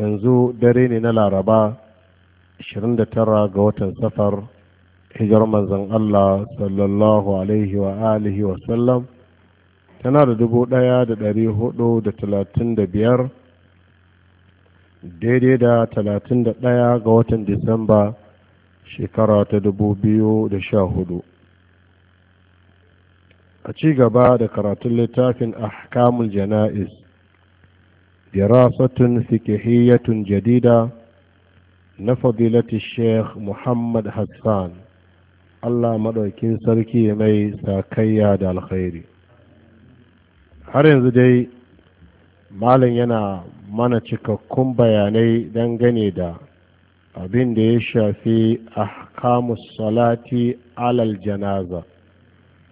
yanzu dare ne na laraba 29 ga watan safar hijar manzan Allah sallallahu alaihi wa alihi wa sallam tana da dubu ɗaya da dari hudu da talatin da biyar daidai da talatin da ɗaya ga watan disamba shekara ta dubu biyu da sha hudu a ci gaba da karatun littafin ahkamul jana'iz دراسة Jarida na لفضيلة Shekh محمد Hassan, Allah مدوكين sarki mai ساكيا da الخير har yanzu dai Malam yana mana cikakkun bayanai dangane da abin da ya shafi ahkamus salati alal janaza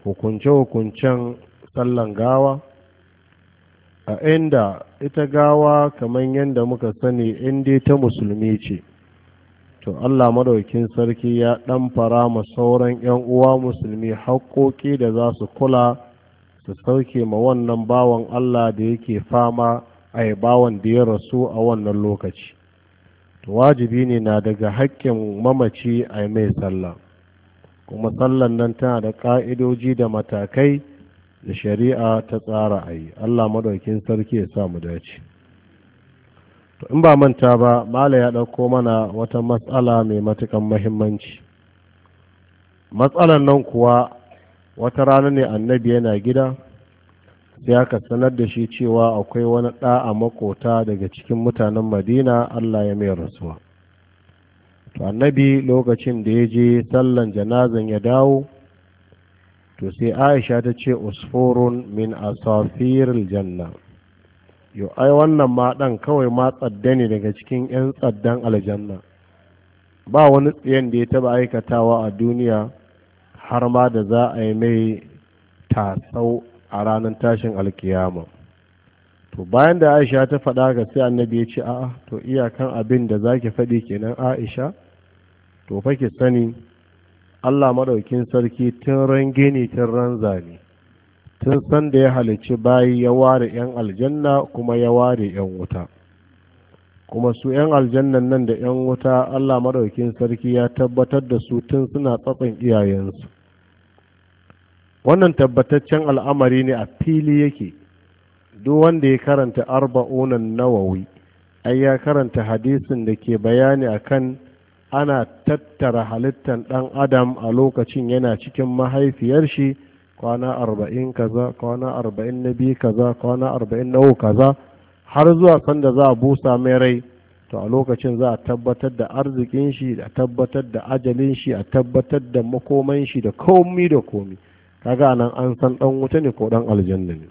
hukunce-hukuncen sallan gawa a inda ita gawa kamar yadda muka sani inda ta musulmi ce to Allah madaukin sarki ya ɗan fara ma sauran 'yan uwa musulmi haƙoƙi da za su kula su sauke ma wannan bawan Allah da yake fama a yi bawan da ya rasu a wannan lokaci to wajibi ne na daga hakkin mamaci a mai sallah kuma sallan nan tana da ƙa'idoji da matakai da shari'a ta tsara a yi allah madaukin sarki ya sa mu dace to in ba manta ba mala ya ɗauko mana wata matsala mai matukan mahimmanci matsalan nan kuwa wata rana ne annabi yana gida sai aka sanar da shi cewa akwai wani ɗa a makota daga cikin mutanen madina allah ya mai rasuwa to annabi lokacin da ya je sallan janazan ya dawo to sai aisha ta ce usfurun min asafir Aljanna. yo ai wannan ma dan kawai ma tsadda ne daga cikin 'yan tsaddan aljanna ba wani tsayen da ya taba aikatawa a duniya har ma da za a yi mai tasau a ranar tashin alkiyama to bayan da aisha ta faɗa ga sai annabi ya ce a'a to iyakan abin da zaki ki faɗi kenan aisha to fa ki sani Allah madaukin sarki tun rangini tun zane. tun san da ya halici bayi ya ware 'yan aljanna kuma ya ware 'yan wuta kuma su 'yan aljannan nan da 'yan wuta Allah madaukin sarki ya tabbatar da su tun suna tsatsan iyayensu wannan tabbataccen al'amari ne a fili yake duk wanda ya karanta arba'unan nawawi ai ya karanta hadisin da ke bayani akan ana tattara halittar ɗan adam a lokacin yana cikin mahaifiyar shi kwana arba'in kaza kwana arba'in na biyu kaza kwana arba'in na kaza har zuwa sanda za a busa mai rai to a lokacin za a tabbatar da arzikin shi a tabbatar da ajalin shi a tabbatar da makoman shi da komi da komi kaga nan an san ɗan wuta ne ko ɗan aljanna ne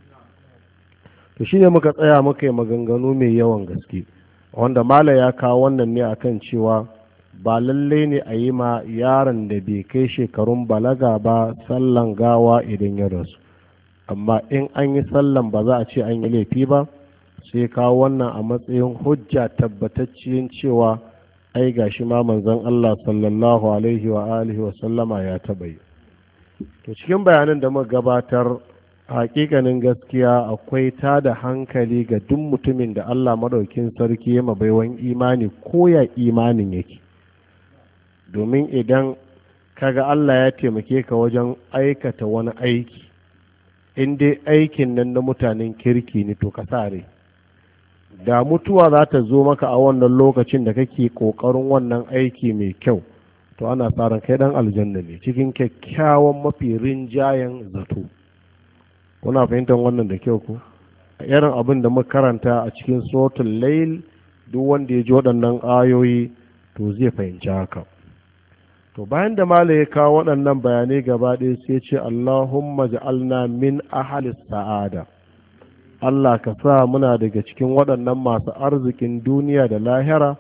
to shine muka tsaya muka yi maganganu mai yawan gaske wanda mala ya kawo wannan ne akan cewa ba lallai ne a yi ma yaron da bai kai shekarun balaga ba sallan gawa idan ya rasu amma in an yi sallan ba za a ce an yi laifi ba sai kawo wannan a matsayin hujja tabbatacciyin cewa ai gashi ma manzon Allah sallallahu alaihi wa alihi wa sallama ya taba yi to cikin bayanan da muka gabatar hakikanin gaskiya akwai ta da hankali ga duk mutumin da Allah madaukin sarki ya mabaiwan imani ko ya imanin yake domin idan kaga Allah ya taimake ka wajen aikata wani aiki in dai aikin nan na mutanen kirki ne to ka sare da mutuwa za ta zo maka a wannan lokacin da kake ƙoƙarin wannan aiki mai kyau to ana tsaron kai dan aljanna ne cikin kyakkyawan mafi rinjayen zato kuna fahimtar wannan da kyau ku a irin abin da muka karanta a cikin sotun lail duk wanda ya ji waɗannan ayoyi to zai fahimci haka to bayan da mala ya kawo waɗannan bayanai gaba ɗaya sai ce allahumma ja'alna min ahalis sa'ada allah ka sa muna daga cikin waɗannan masu arzikin duniya da lahira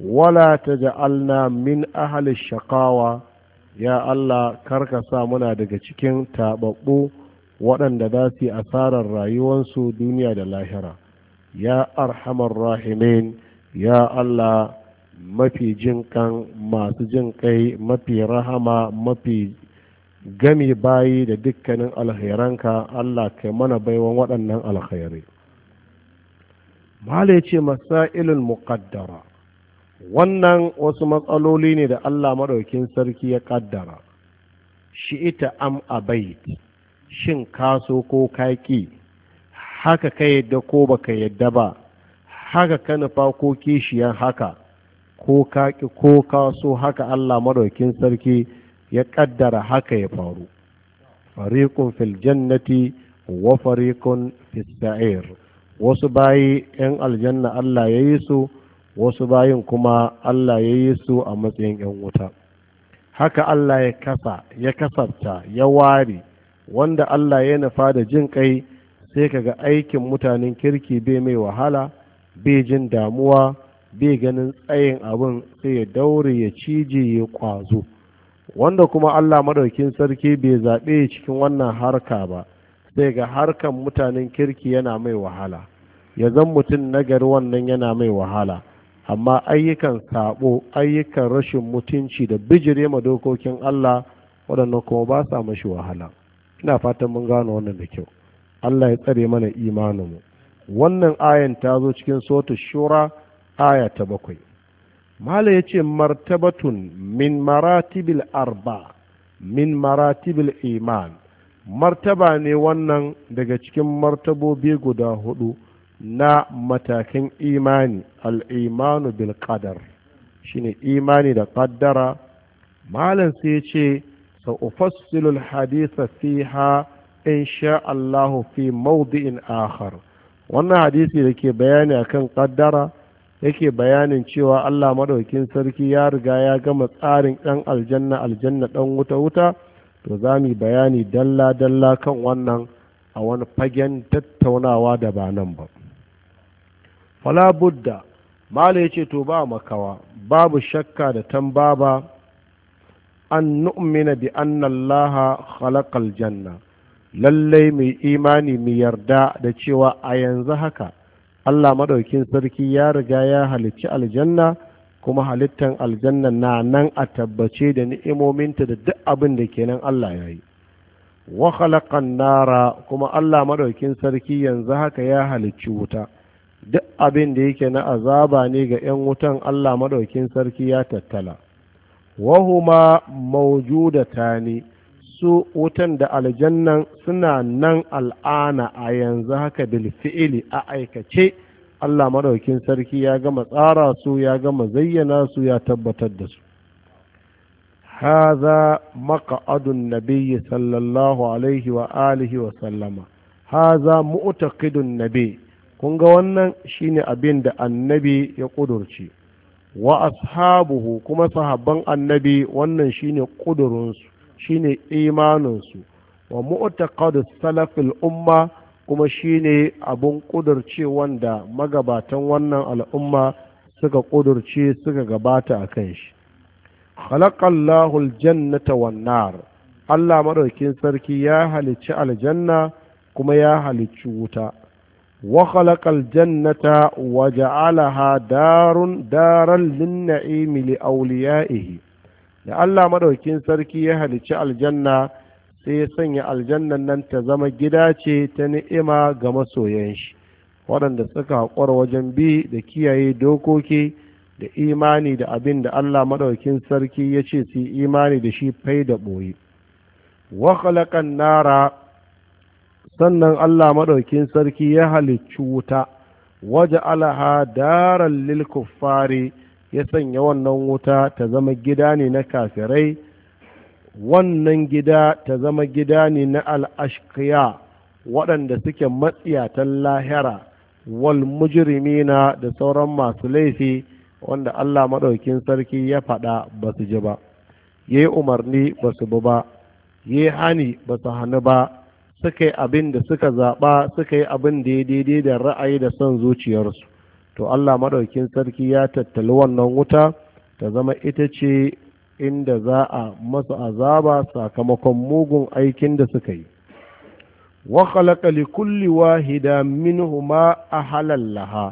wala ta ja'alna min ahalis shakawa ya allah kar ka sa muna daga cikin taɓaɓɓu waɗanda za su yi asarar rayuwarsu duniya da lahira ya arhamar rahimin ya allah mafi jin kan masu jin kai mafi rahama mafi gami bayi da dukkanin alheranka Allah kai mana baiwan waɗannan alkhairai Mala ya ce masailul muqaddara wannan wasu matsaloli ne da Allah maɗaukin sarki ya ƙaddara shi ita am abait shin kaso ko kaki haka ka yadda ko baka yadda ba haka ka nufa ko kishiyan haka ko ka ko ka so haka Allah madaukin sarki ya ƙaddara haka ya faru fariqun fil jannati wa fariqun fis wasu bayi yan aljanna Allah ya yi su wasu bayin kuma Allah ya yi su a matsayin yan wuta haka Allah ya kasa ya kasarta ya ware wanda Allah ya nufa da jin kai sai kaga aikin mutanen kirki bai mai wahala bai jin damuwa bai ganin tsayin abin sai ya daure ya cije ya kwazo wanda kuma allah madaukin sarki bai zaɓe cikin wannan harka ba sai ga harkan mutanen kirki yana mai wahala ya zan mutum nagari wannan yana mai wahala amma ayyukan sabo ayyukan rashin mutunci da bijire ma dokokin allah waɗannan kuma ba sa mashi wahala ina fatan mun gano wannan da kyau allah ya tsare mana imaninmu wannan ayan ta zo cikin sotu shura aya ta bakwai mala ya ce martabatun min maratibil arba min maratibil iman martaba ne wannan daga cikin martabobi guda hudu na matakin imani al'imanu bil qadar shine imani da ƙaddara malam sai ce sa'ufassilul haditha fiha in sha Allahu fi mawdi'in akhar wannan hadisi da ke bayani akan ƙaddara yake bayanin cewa Allah maɗaukin sarki ya riga ya gama tsarin ɗan aljanna aljanna ɗan wuta-wuta to za mu bayani dalla-dalla kan wannan a wani fagen tattaunawa da ba nan ba fala budda mala ce to ba makawa babu shakka da tambaba an nu'mina bi anna Allah khalaqal janna lallai mai imani mu yarda da cewa a yanzu haka Allah maɗaukin sarki ya riga ya halicci aljanna kuma halittan aljanna na nan a tabbace da ni'imominta da duk abin da kenan Allah ya yi wa khalaqan nara kuma Allah maɗaukin sarki yanzu haka ya halicci wuta duk abin da yake na azaba ne ga 'yan wutan Allah maɗaukin sarki ya tattala wahuma maujudatani ne su wutan da aljannan suna nan al'ana a yanzu haka bilfi'ili a aikace Allah maɗaukin sarki ya gama tsara su ya gama zayyana su ya tabbatar da su haza maka'adun nabiyyi sallallahu alaihi wa alihi wa sallama haza mu'taqidun nabi kun ga wannan shine abin da annabi ya ƙudurce, wa ashabuhu kuma sahabban annabi wannan shine ƙudurinsu shine imaninsu wa mu'taqadu salafil umma kuma shine abun kudurce wanda magabatan wannan al'umma suka kudurce suka gabata a kan shi khalaqallahu aljannata wan nar Allah madaukin sarki ya halicci aljanna kuma ya halicci wuta wa khalaqal jannata wa ja'alaha darun daran lin na'imi li awliya'ihi da Allah maɗaukin sarki ya halici aljanna sai ya sanya aljannan nan ta zama gida ce ta ni'ima ga masoyan shi waɗanda suka haƙura wajen bi da kiyaye dokoki da imani da abin da Allah maɗaukin sarki ya ce su imani da shi fai da ɓoye wakalakan nara sannan Allah maɗaukin sarki ya halicci wuta waje alaha daren lil kuffari ya sanya wannan wuta ta zama gida ne na kafirai wannan gida ta zama gida ne na al'ashkiya waɗanda suke matsiyatan lahira wal na da sauran masu laifi wanda Allah maɗaukin sarki ya faɗa ba su ji ba yi umarni ba su bi ba yi hani ba su hannu ba suka yi abin da suka zaɓa suka yi abin da ya daidai da ra'ayi da son zuciyarsu to Allah maɗaukin sarki ya tattali wannan wuta ta zama ita ce inda za a masa azaba sakamakon mugun aikin da suka yi wa khalaqa li kulli wahida minhuma ahalan laha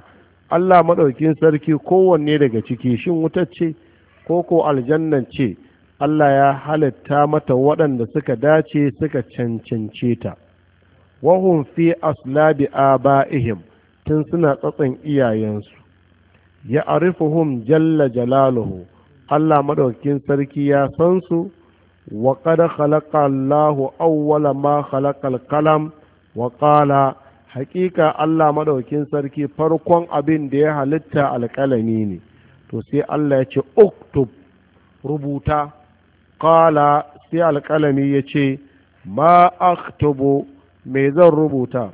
Allah maɗaukin sarki kowanne daga ciki shin wutar ce ko ko aljannan ce Allah ya halitta mata waɗanda suka dace suka cancance ta wahum fi aslabi aba'ihim tun suna tsatsin iyayensu ya arifuhum jalla jalaluhu Allah maɗaukin sarki ya san su wa qad khalaqa Allahu awwala ma khalaqal kalam wa qala haqiqa Allah maɗaukin sarki farkon abin da ya halitta alƙalami ne to sai Allah ya ce uktub rubuta qala sai alƙalami ya ce ma aktubu me zan rubuta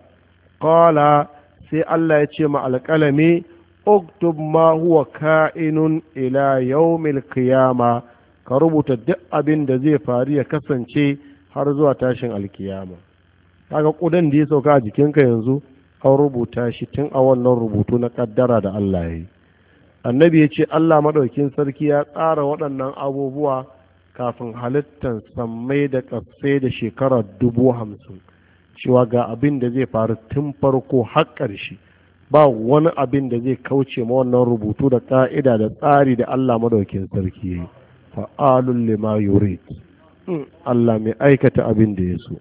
qala sai Allah ya ce ma alƙalami uktub ma huwa ka'inun ila yawmil qiyama ka rubuta duk abin da zai faru ya kasance har zuwa tashin alkiyama kaga ƙudan da ya sauka a jikinka yanzu an rubuta shi tun a wannan rubutu na ƙaddara da Allah ya yi annabi ya ce Allah madaukin sarki ya tsara waɗannan abubuwa kafin halittar sammai da ƙasai da shekarar dubu hamsin cewa ga abin da zai faru tun farko har ƙarshe ba wani abin da zai kauce ma wannan rubutu da ƙa'ida da tsari da Allah madaukin sarki yayi fa'alul lima yurid hmm, Allah mai aikata abin da ya so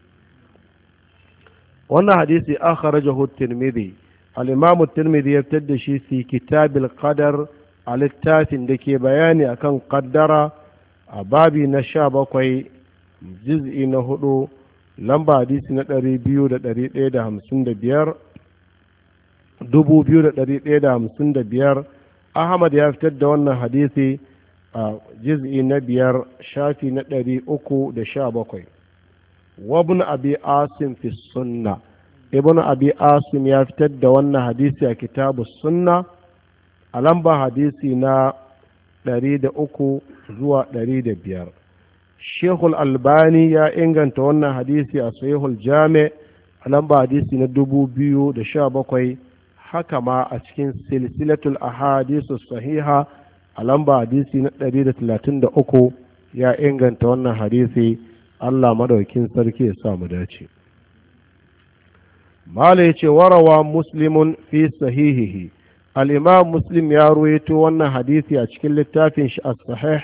wannan hadisi akhrajahu at-tirmidhi al-imam at-tirmidhi ya fitar da shi fi kitabil qadar a littafin da ke bayani akan qaddara a babi na 17 juz'i na hudu. lamba hadisi na ɗari biyu da ɗari ɗaya da hamsin da biyar dubu biyu da ɗari ɗaya da hamsin da biyar ahmad ya fitar da wannan hadisi a jiz'i na biyar shafi na ɗari uku da sha bakwai wabin abi asim fi sunna ibn abi asim ya fitar da wannan hadisi a kitabu sunna a lamba hadisi na ɗari da uku zuwa ɗari da biyar shehul albani ya inganta wannan hadisi a sahihul jami a lamba hadisi na dubu biyu da sha bakwai haka ma a cikin silsilatul ahadisu sahiha a lamba hadisi na ɗari da talatin da uku ya inganta wannan hadisi allah madaukin sarki ya samu dace mala ce warawa muslimun fi sahihihi al'imam muslim ya ruwaito wannan hadisi a cikin littafin shi a sahih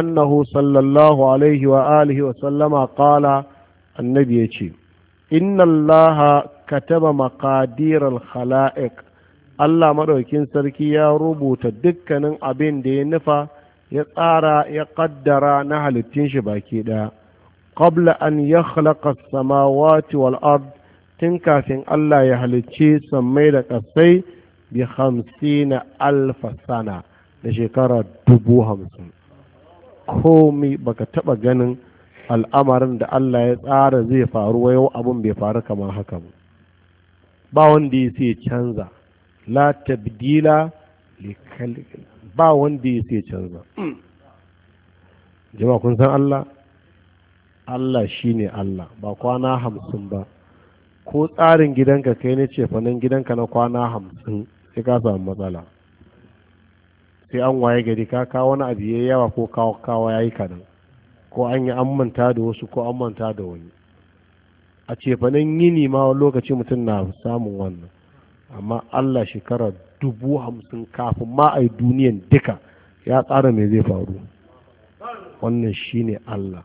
annahu sallallahu alaihi wa alihi wa sallama qala annabi ya ce inna allaha kataba maqadir al-khala'iq Allah maɗaukin sarki ya rubuta dukkanin abin da ya nufa ya tsara ya ƙaddara na halittun shi baki ɗaya. qabla an yakhlaqa as-samawati wal tun kafin Allah ya halicci sammai da ƙasai bi hamsina alfa sana da shekara dubu hamsin komai baka taba ganin al'amarin da Allah ya tsara zai faru yau abin bai faru kamar haka ba ba wanda ya sai canza la tabdila ba wanda ya sai canza jama'a kun san Allah Allah shine Allah ba kwana hamsin ba ko tsarin gidanka kai ne ce fa nan gidanka na kwana hamsin sai ka samu matsala sai an waye gari ka kawo wani abu ya yawa ko kawo kawo ya yi kaɗan ko an yi an manta da wasu ko an manta da wani a cefanen yini ma wani lokaci mutum na samun wannan amma allah shekara dubu hamsin kafin ma a yi duniyan duka ya tsara mai zai faru wannan shine allah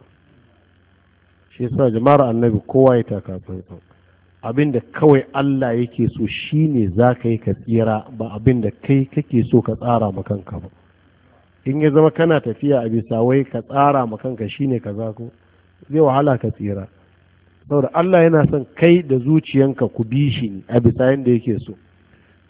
shi sa jama'ar annabi kowa ya taka tsantsan abin da kawai Allah yake so shi ne za ka yi ka tsira ba abin da kai kake so ka tsara ma kanka ba in ya zama kana tafiya a bisa wai ka tsara ma kanka shi ne ka ko zai wahala ka tsira saboda Allah yana son kai da zuciyanka ku bi shi ne a bisa yadda yake so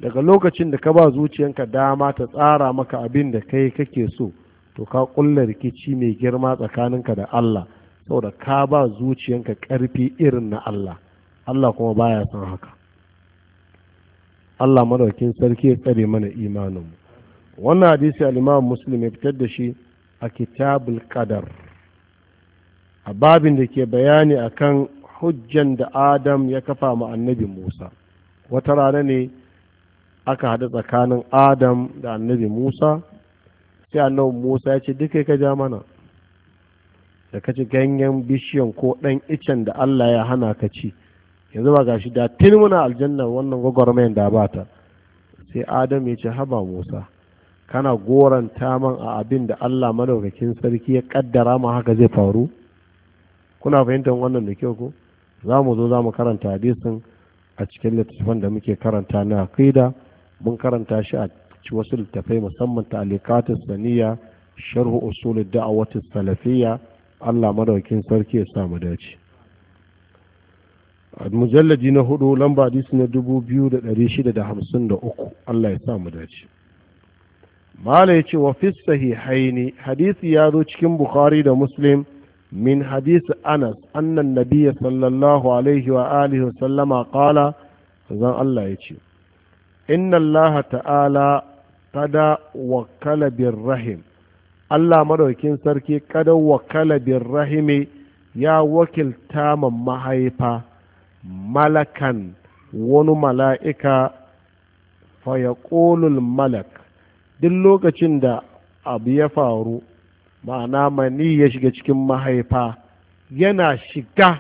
daga lokacin da ka ba zuciyanka dama ta tsara maka abin da kai kake so to ka kulla rikici mai girma tsakaninka da Allah saboda ka ba zuciyanka ƙarfi irin na Allah Allah kuma baya son haka Allah madaukin sarki ya tsare mana imaninmu wannan hadisi al-Imam Muslim ya fitar da shi a Kitabul Qadar a babin da ke bayani akan hujjan da Adam ya kafa ma annabi Musa wata rana ne aka haɗu tsakanin Adam da annabi Musa sai annabi Musa ya ce duka ka ja mana da ka ci ganyen bishiyan ko ɗan icen da Allah ya hana ka ci yanzu ba gashi da tun muna aljanna wannan gwagwarmayan da ba ta sai adam ya ce haba musa kana goranta man a abin da allah madaukakin sarki ya kaddara ma haka zai faru kuna fahimtar wannan da kyau ko za mu zo za mu karanta hadisin a cikin littattafan da muke karanta na aqida mun karanta shi a wasu littattafai musamman ta alikatus saniya sharhu usul da'awati salafiyya allah madaukakin sarki ya samu dace mujalladi na hudu lamba hadisi na dubu biyu da ɗari shida da hamsin da uku Allah ya sa mu dace mala ya ce wa fi sahihaini hadisi ya zo cikin bukhari da muslim min hadisi anas annan nabiya sallallahu alaihi wa alihi wa sallama qala zan Allah ya ce inna Allah ta'ala kada wakala bin rahim Allah sarki kada wakala rahimi ya wakilta mahaifa malakan wani mala'ika ƙolul malak duk lokacin da abu ya faru ma'ana mani ya shiga cikin mahaifa yana shiga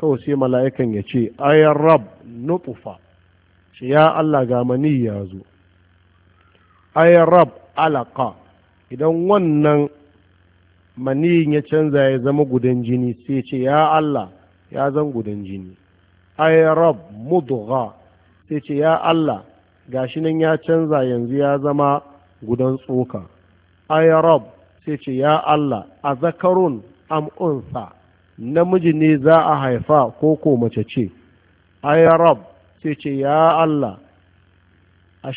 kawai sai mala'ikan ya ce ayar rab nufufa shi ya Allah ga mani ya zo ayar rab alaka idan wannan maniyin ya canza ya zama gudan jini sai ce ya Allah ya zan gudan jini ay rab mudgha sai ce ya Allah gashi nan ya canza yanzu ya zama gudan tsoka ay rab sai ce ya Allah a zakarun am unsa namiji ne za a haifa ko ko mace ce ay rab sai ce ya Allah a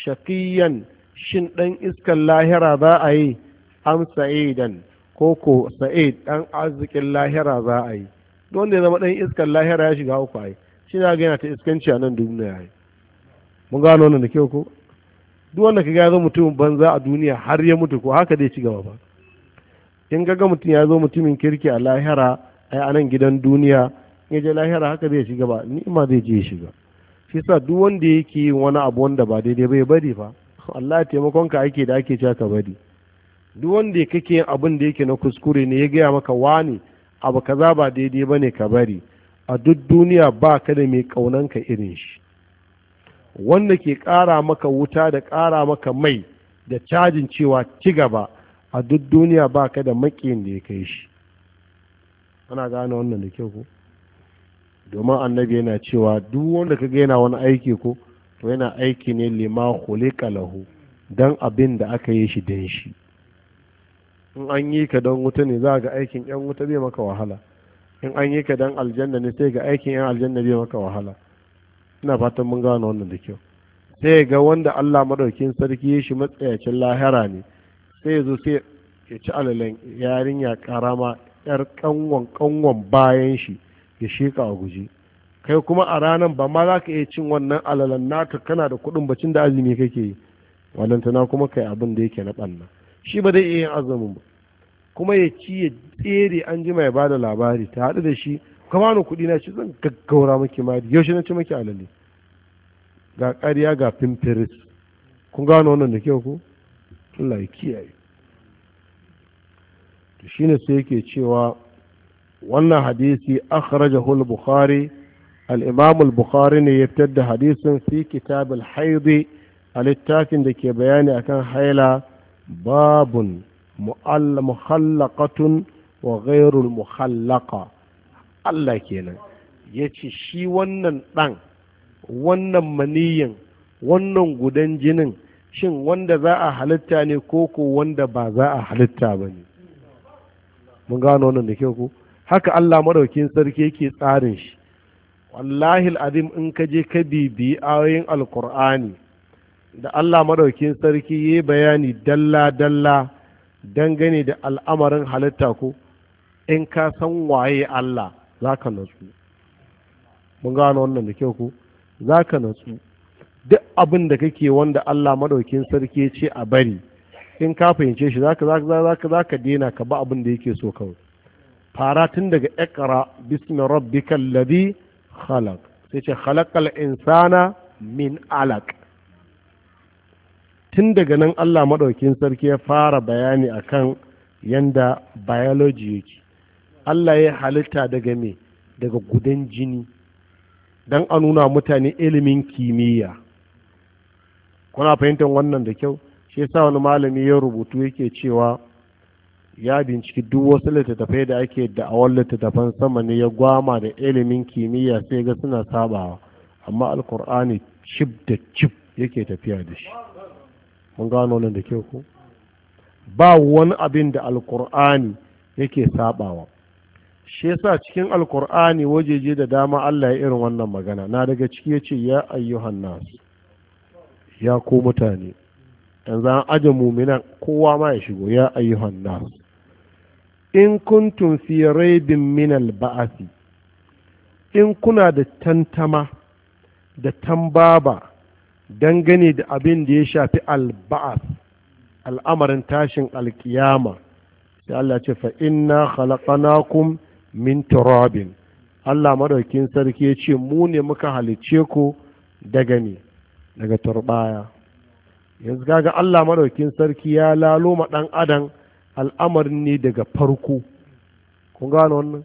shin ɗan iskan lahira za a yi am sa'idan ko ko sa'id ɗan arzikin lahira za a yi Don ne zama ɗan iskan lahira ya shiga uku a yi shi na ga yana ta iskanci a nan duniya yayi mun gano wannan da kyau ko duk wanda kaga ya zo mutumin banza a duniya har ya mutu ko haka dai ci gaba ba in ga mutum ya zo mutumin kirki a lahira ai a nan gidan duniya in je lahira haka zai shiga ba ma zai je shiga shi sa duk wanda yake yin wani abu wanda ba daidai bai bari fa Allah ya taimakon ka ake da ake cewa ka bari duk wanda kake yin abin da yake na kuskure ne ya gaya maka wani abu kaza ba daidai bane ka bari a duk duniya ba ka da mai ƙaunanka irin shi wanda ke ƙara maka wuta da ƙara maka mai da cajin cewa ci gaba a duk duniya ba ka da da ya kai shi ana gane wannan da kyau ko domin annabi yana cewa duk wanda ka yana wani aiki ko to yana aiki ne lima khuliqa lahu don abin da aka yi shi don shi in an yi ka don wuta ne za ga aikin yan wuta zai maka wahala in an yi ka dan aljanna ne sai ga aikin yan aljanna bai maka wahala ina fatan mun gano wannan da kyau sai ga wanda Allah madaukin sarki ya shi matsayacin lahira ne sai zo sai ya ci alalan yarinya karama yar kanwan kanwan bayan shi ya shika a guje kai kuma a ranar ba ma za ka iya cin wannan alalan naka kana da kuɗin bacin da azumi kake yi wannan tana kuma kai abin da yake na ɓanna shi ba zai iya yin azumin ba kuma ya ci ya tsere an ji mai bada labari ta haɗu da shi kama ni kuɗi na ci zan gaggaura maki mari yaushe na ci maki alali ga ƙarya ga fimfiris kun gano wannan da kyau ko Allah ya kiyaye to shine sai yake cewa wannan hadisi akhrajahu al-bukhari al-imam al ne ya fitar da hadisin fi kitab al a littafin da ke bayani akan haila babun muhallakatun wa ghairul muhallaqa Allah kenan ya ce shi wannan ɗan wannan maniyin wannan gudan jinin shin wanda za a halitta ne ko ko wanda ba za a halitta ba ne mun gano wannan da kyau ko haka Allah madaukin sarki yake tsarin shi wallahi azim in ka je ka bibi ayoyin alkur'ani da Allah madaukin sarki yayi bayani dalla dalla dangane da al'amarin halitta ko in ka san waye Allah za ka natsu mun gano wannan da kyau ko za ka natsu duk abin da kake wanda Allah maɗaukin sarki ya ce a bari in ka fahimce shi zaka zaka zaka dena ka ba abin da yake so kawai fara tun daga iqra bismi rabbikal ladhi khalaq sai ce khalaqal insana min alaq tun daga nan Allah maɗaukin sarki ya fara bayani a kan yadda biology yake Allah ya halitta daga me daga gudan jini don a nuna mutane ilimin kimiyya kuna fahimtar wannan da kyau shi yasa wani malami ya rubutu yake cewa ya binciki duk wasu littattafai da ake da'awar littattafan sama ne ya gwama da ilimin kimiyya sai ga suna sabawa amma alkur'ani cib da cib yake tafiya da shi mun gano nan da kyau ku. ba wani abin da alkur'ani yake sabawa shi yasa cikin alkur'ani wajeje da dama Allah ya irin wannan magana na daga ciki yace ce ya ayyuhan nas ya ku mutane yanzu an aje mumina kowa ma ya shigo ya ayyuhan nas in kuntum fi raibin min al in kuna da tantama da tambaba dangane da abin da ya shafi alba'ar al'amarin tashin alkiyama sai Allah ce fa inna khalaqnakum min Allah madaukin sarki ya ce mu ne muka halicce ku daga ne daga turbaya yanzu kaga Allah madaukin sarki ya lalo ma adam al'amarin ne daga farko kun gano wannan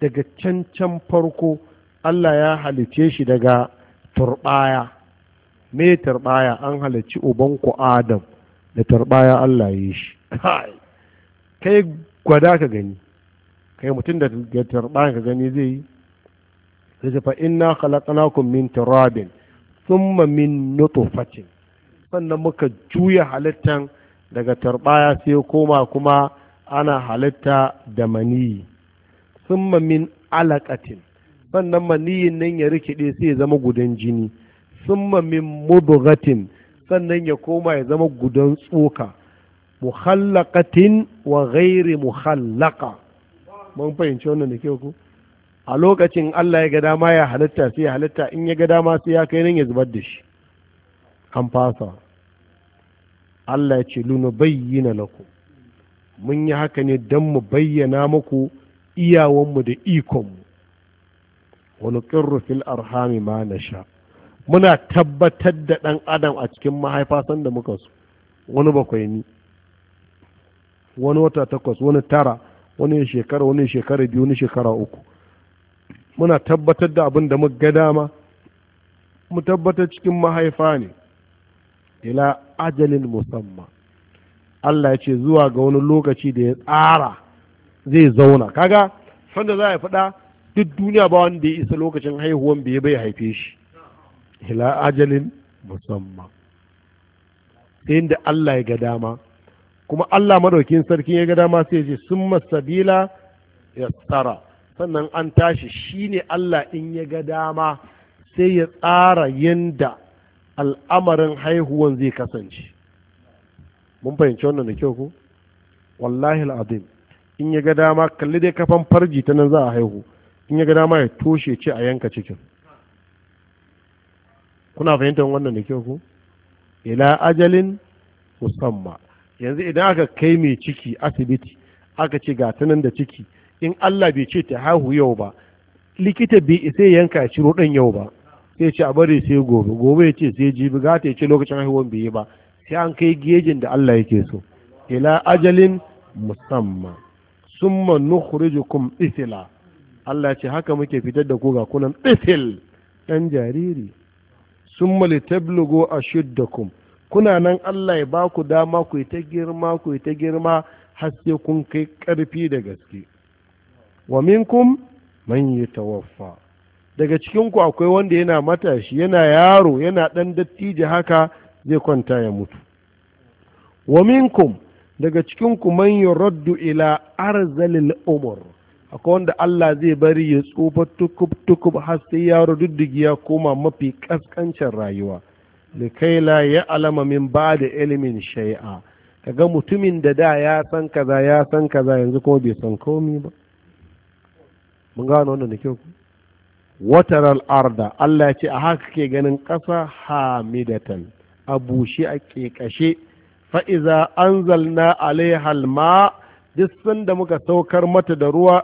daga cancan farko Allah ya halicce shi daga turbaya me tarbaya an halarci ubanku adam da tarbaya Allah ya yi shi kai gwada ka gani kai mutum da tarbaya ka gani zai yi sai fa inna khalaqnakum min turabin thumma min nutfatin sannan muka juya halittan daga tarbaya sai koma kuma ana halitta da maniyi thumma min alaqatin sannan maniyin nan ya rikide sai ya zama gudan jini summa min mudghatin sannan ya koma ya zama gudan tsoka muhallaqatin wa ghairi muhallaqa mun fahimci wannan da ku a lokacin Allah ya ga dama ya halitta sai ya halitta in ya ga dama sai ya kai nan ya zubar da shi an fasa Allah ya ce luna bayyana lakum mun yi haka ne don mu bayyana muku iyawanmu da ikonmu wani ƙirru fil arhami ma na sha muna tabbatar da ɗan adam a cikin mahaifa sanda muka su wani bakwai ni wani wata takwas wani tara wani shekara wani shekara biyu wani shekara uku muna tabbatar da abin da muka ga dama mu tabbatar cikin mahaifa ne ila ajalin musamman Allah ya ce zuwa ga wani lokaci da ya tsara zai zauna kaga sanda za a faɗa duk duniya ba wanda ya isa lokacin haihuwan bai bai haife shi ila ajalin musamman sai inda Allah ya ga dama kuma Allah madaukin sarkin ya ga dama sai ya ce summa sabila ya tsara sannan an tashi shine Allah in ya ga dama sai ya tsara yanda al'amarin haihuwan zai kasance mun fahimci wannan da kyau ko wallahi al'adim in ya ga dama kalli dai kafan farji ta nan za a haihu in ya ga dama ya toshe ce a yanka cikin kuna fahimtar wannan da kyau ku ila ajalin musamma yanzu idan aka kai mai ciki asibiti aka ce ga tunan da ciki in Allah bai ce ta haihu yau ba likita bai isa yanka ciro ɗan yau ba sai ce a bari sai gobe gobe ya ce sai jibi gata ya ce lokacin haihuwan bai yi ba sai an kai gejin da Allah yake so ila ajalin musamma summa nukhrijukum ithla Allah ce haka muke fitar da ku ga kunan ithil dan jariri sun a shidda kum kuna nan Allah ya baku ku dama ku yi ta girma ku yi ta girma har sai kun kai ƙarfi da gaske wa minkum man yatawaffa daga cikin ku akwai wanda yana matashi yana yaro yana dan dattijo haka zai kwanta ya mutu wa minkum daga cikin ku man yuraddu ila arzalil umur akwai wanda Allah zai bari ya tsufa tukub tukub har sai yaro rududdugi ya koma mafi kaskancin rayuwa likaila ya alama min ba da ilimin shai'a kaga mutumin da da ya san kaza ya san kaza yanzu kuma bai san komi ba mun gano wannan da kyau watar al'arda Allah ya ce a haka ke ganin ƙasa hamidatan a bushe a ƙeƙashe fa'iza an zalna alaihal ma duk sanda muka saukar mata da ruwa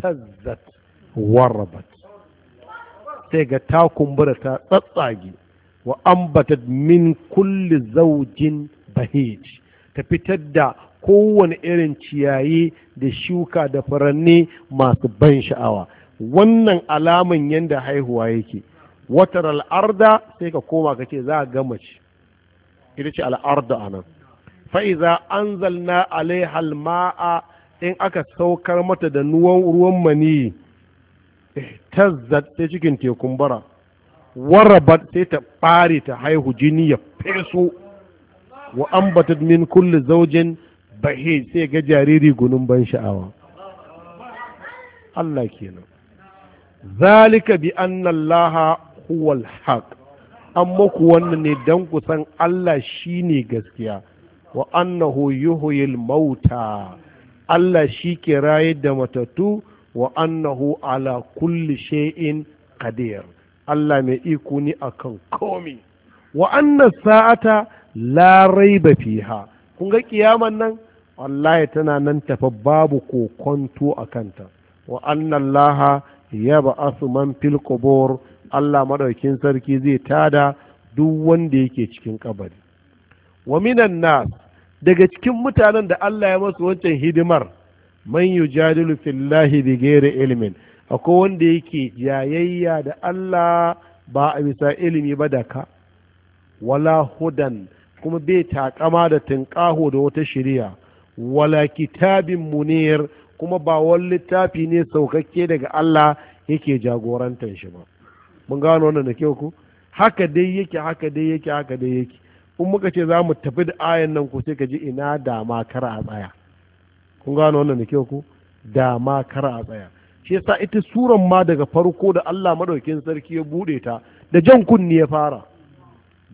tazzat warabat sai ga ta kumbura ta tsatsage wa ambatat min kulli zaujin bahij ta fitar da kowane irin ciyayi da shuka da furanni masu ban sha'awa wannan alaman yadda haihuwa yake watar al'arda sai ka koma ka ce za a gama ce ita ce al'arda a nan fa'iza an zalna alaihal ma'a in aka saukar mata da nuwan ruwan mani tazzat sai cikin tekun bara warabat sai ta ɓare ta haihu jini ya feso wa min kulle zaujin bahi sai ga jariri gunun ban sha'awa Allah kenan zalika bi anna laha huwal haƙ amma maku wannan ne don kusan san Allah ne gaskiya wa annahu yuhyil mauta Allah shi ke rayar da matattu wa annahu ala kulli shay'in qadir Allah mai iko ne akan komi wa anna sa'ata la raiba fiha kun ga kiyaman nan wallahi tana nan tafa babu kwanto a kanta wa anna Allah ya ba'asu man fil qubur Allah madaukin sarki zai tada duk wanda yake cikin kabari wa minan nas daga cikin mutanen da Allah ya masu wancan hidimar man yujadilu fillahi bi ghairi ilmin akwai wanda yake jayayya da Allah ba a bisa ilimi ba da ka wala hudan kuma bai takama da tunƙaho da wata shirya wala kitabin munir kuma ba wani littafi ne saukakke daga Allah yake jagorantar shi ba mun gano wannan da kyau ku haka dai yake haka dai yake haka dai yake in muka ce za mu tafi da ayan nan ko sai ka ji ina da ma kar a tsaya kun gano wannan da kyau ku, da ma kar a tsaya shi yasa ita suran ma daga farko da Allah madaukin sarki ya bude ta da jan kunni ya fara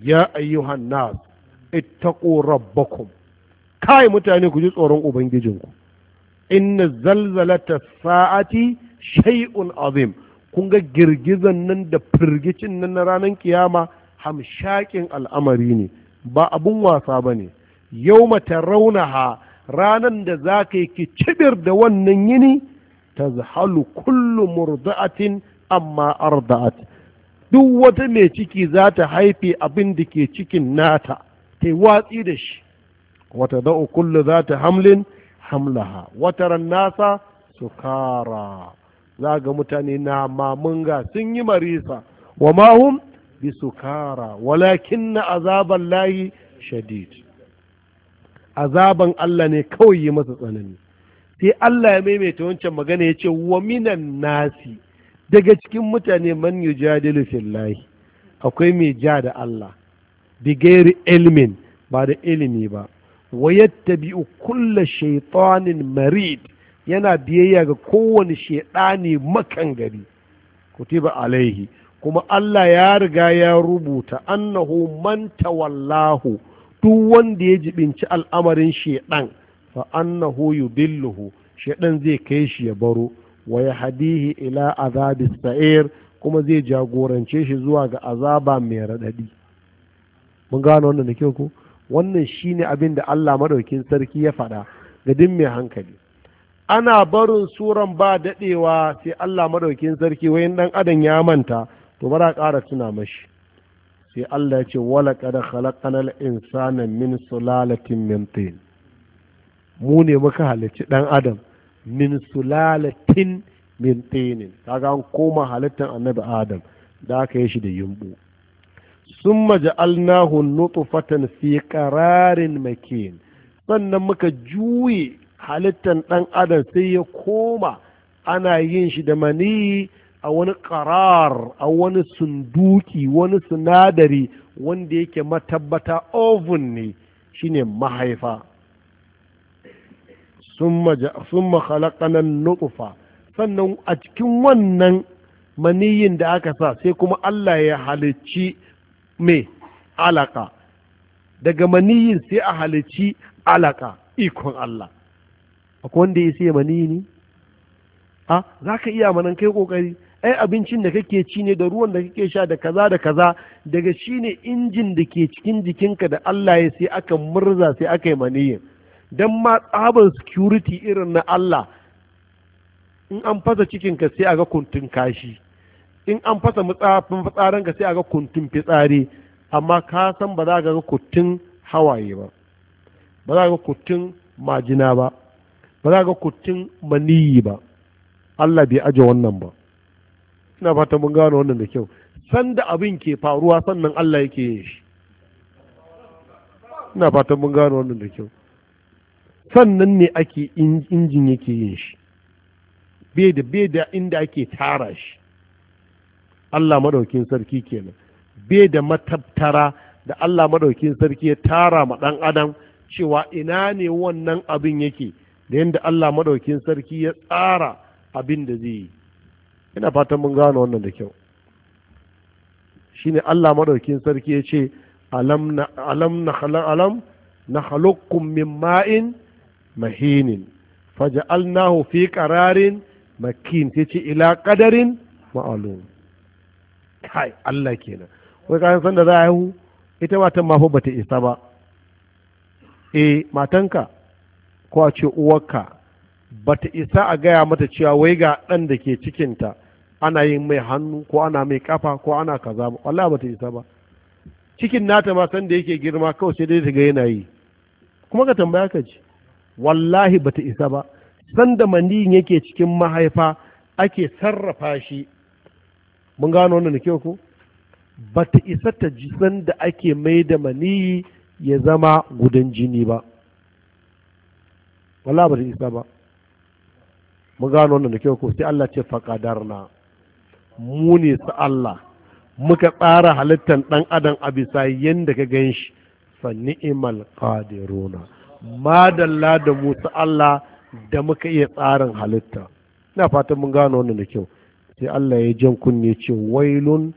ya ayyuhan nas ittaqu rabbakum kai mutane ku ji tsoron ubangijinku inna zalzalata sa'ati shay'un azim kun ga girgizan nan da firgicin nan na ranar kiyama hamshakin al'amari ne ba abun wasa ba ne yau mata raunaha ranar da za ka yi kicibir da wannan yini ta zahalu kullum murda'atin amma arda'at duk wata mai ciki za ta haife abin da ke cikin nata ta yi watsi da shi wata da'u kullu za ta hamlin hamlaha wataran nasa kara. za ga mutane na mamunga sun yi marisa wa mahum bisukara walakin na azaban lahi shadid azaban Allah ne kawai yi masa tsanani sai Allah ya maimaita wancan magana ya ce wa minan nasi daga cikin mutane man yujadilu fillahi akwai mai ja da Allah bigairi ilmin ba da ilimi ba wa yattabi'u kulla shaytanin marid yana biyayya ga kowane shaidani makan gari kutiba alaihi kuma Allah ya riga ya rubuta annahu man tawallahu duk wanda ya jibinci al'amarin shedan fa annahu yudilluhu shedan zai kai shi ya baro wa Hadihi, ila azabis sa'ir kuma zai jagorance shi zuwa ga azaba mai radadi mun gano wannan da kyau ko wannan shine abin da Allah madaukin sarki ya faɗa ga din mai hankali ana barin suran ba daɗewa sai Allah madaukin sarki wayan dan adam ya manta to bara ƙara tuna mashi sai Allah ya ce wala kada khalaqanal insana min sulalatin min tin mu ne muka halicci dan adam min sulalatin min tin kaga an koma halittar annabi adam da aka yi shi da yumbu summa ja'alnahu nutfatan fi qararin makin sannan muka juye halittar dan adam sai ya koma ana yin shi da maniyi a wani karar a wani sunduki wani sinadari wanda yake matabbata oven ne shine mahaifa sun makalakanan nufa sannan a cikin wannan maniyin da aka sa sai kuma Allah ya halicci mai alaka daga maniyin sai a halicci alaka ikon Allah akwai wanda ya sai maniyi ne a ah, za ka iya manan kai kokari ai abincin da kake ci ne da ruwan da kake sha da kaza da kaza daga shine injin da ke cikin jikinka da Allah ya sai aka murza sai aka yi maniyin dan ma tsaban security irin na Allah in an fasa cikinka sai aga kuntun kashi in an fasa mutsafin ka sai aga kuntun fitsari amma ka san ba za ka ga kuntun hawaye ba ba za ka ga kuntun majina ba ba za ka ga kuntun maniyi ba Allah bai aje wannan ba ina fata mun gano wannan da kyau sanda abin ke faruwa sannan Allah yake yin shi ina fata mun gano wannan da kyau sannan ne ake injin yake yin shi bai da bai da inda ake tara shi Allah madaukin sarki kenan bai da matattara da Allah madaukin sarki ya tara ma ɗan adam cewa ina ne wannan abin yake da yadda Allah madaukin sarki ya tsara abin da zai yi ina fatan mun gano wannan da kyau Shi ne Allah madaukin sarki ya ce alam na alam na alam na halukkum min ma'in mahinin faja'alnahu fi qararin makin ce ila qadarin ma'lum kai Allah kenan wai kayan san da za a haihu ita matan mafi ba bata isa ba eh matanka ko a ce uwarka bata isa a gaya mata cewa wai ga ɗan da ke cikinta ana yin mai hannu ko ana mai kafa ko ana kaza ba wallahi ba ta isa ba cikin nata ma san da yake girma kawai sai dai ta ga yana yi kuma ka tambaya ka ji wallahi ba ta isa ba san da maniyin yake cikin mahaifa ake sarrafa shi mun gano wannan da kyau ko ba ta isa ta ji san da ake mai da maniyi ya zama gudan jini ba wallahi ba ta isa ba mun gano wannan da kyau ko sai Allah ce faqadarna mu ne su Allah muka tsara halittar ɗan adam a bisa yadda ka gan shi fa ni'imal qadiruna madalla da mu su Allah da muka iya tsarin halitta ina fatan mun gano wannan da kyau sai Allah ya jan kunne ce wailun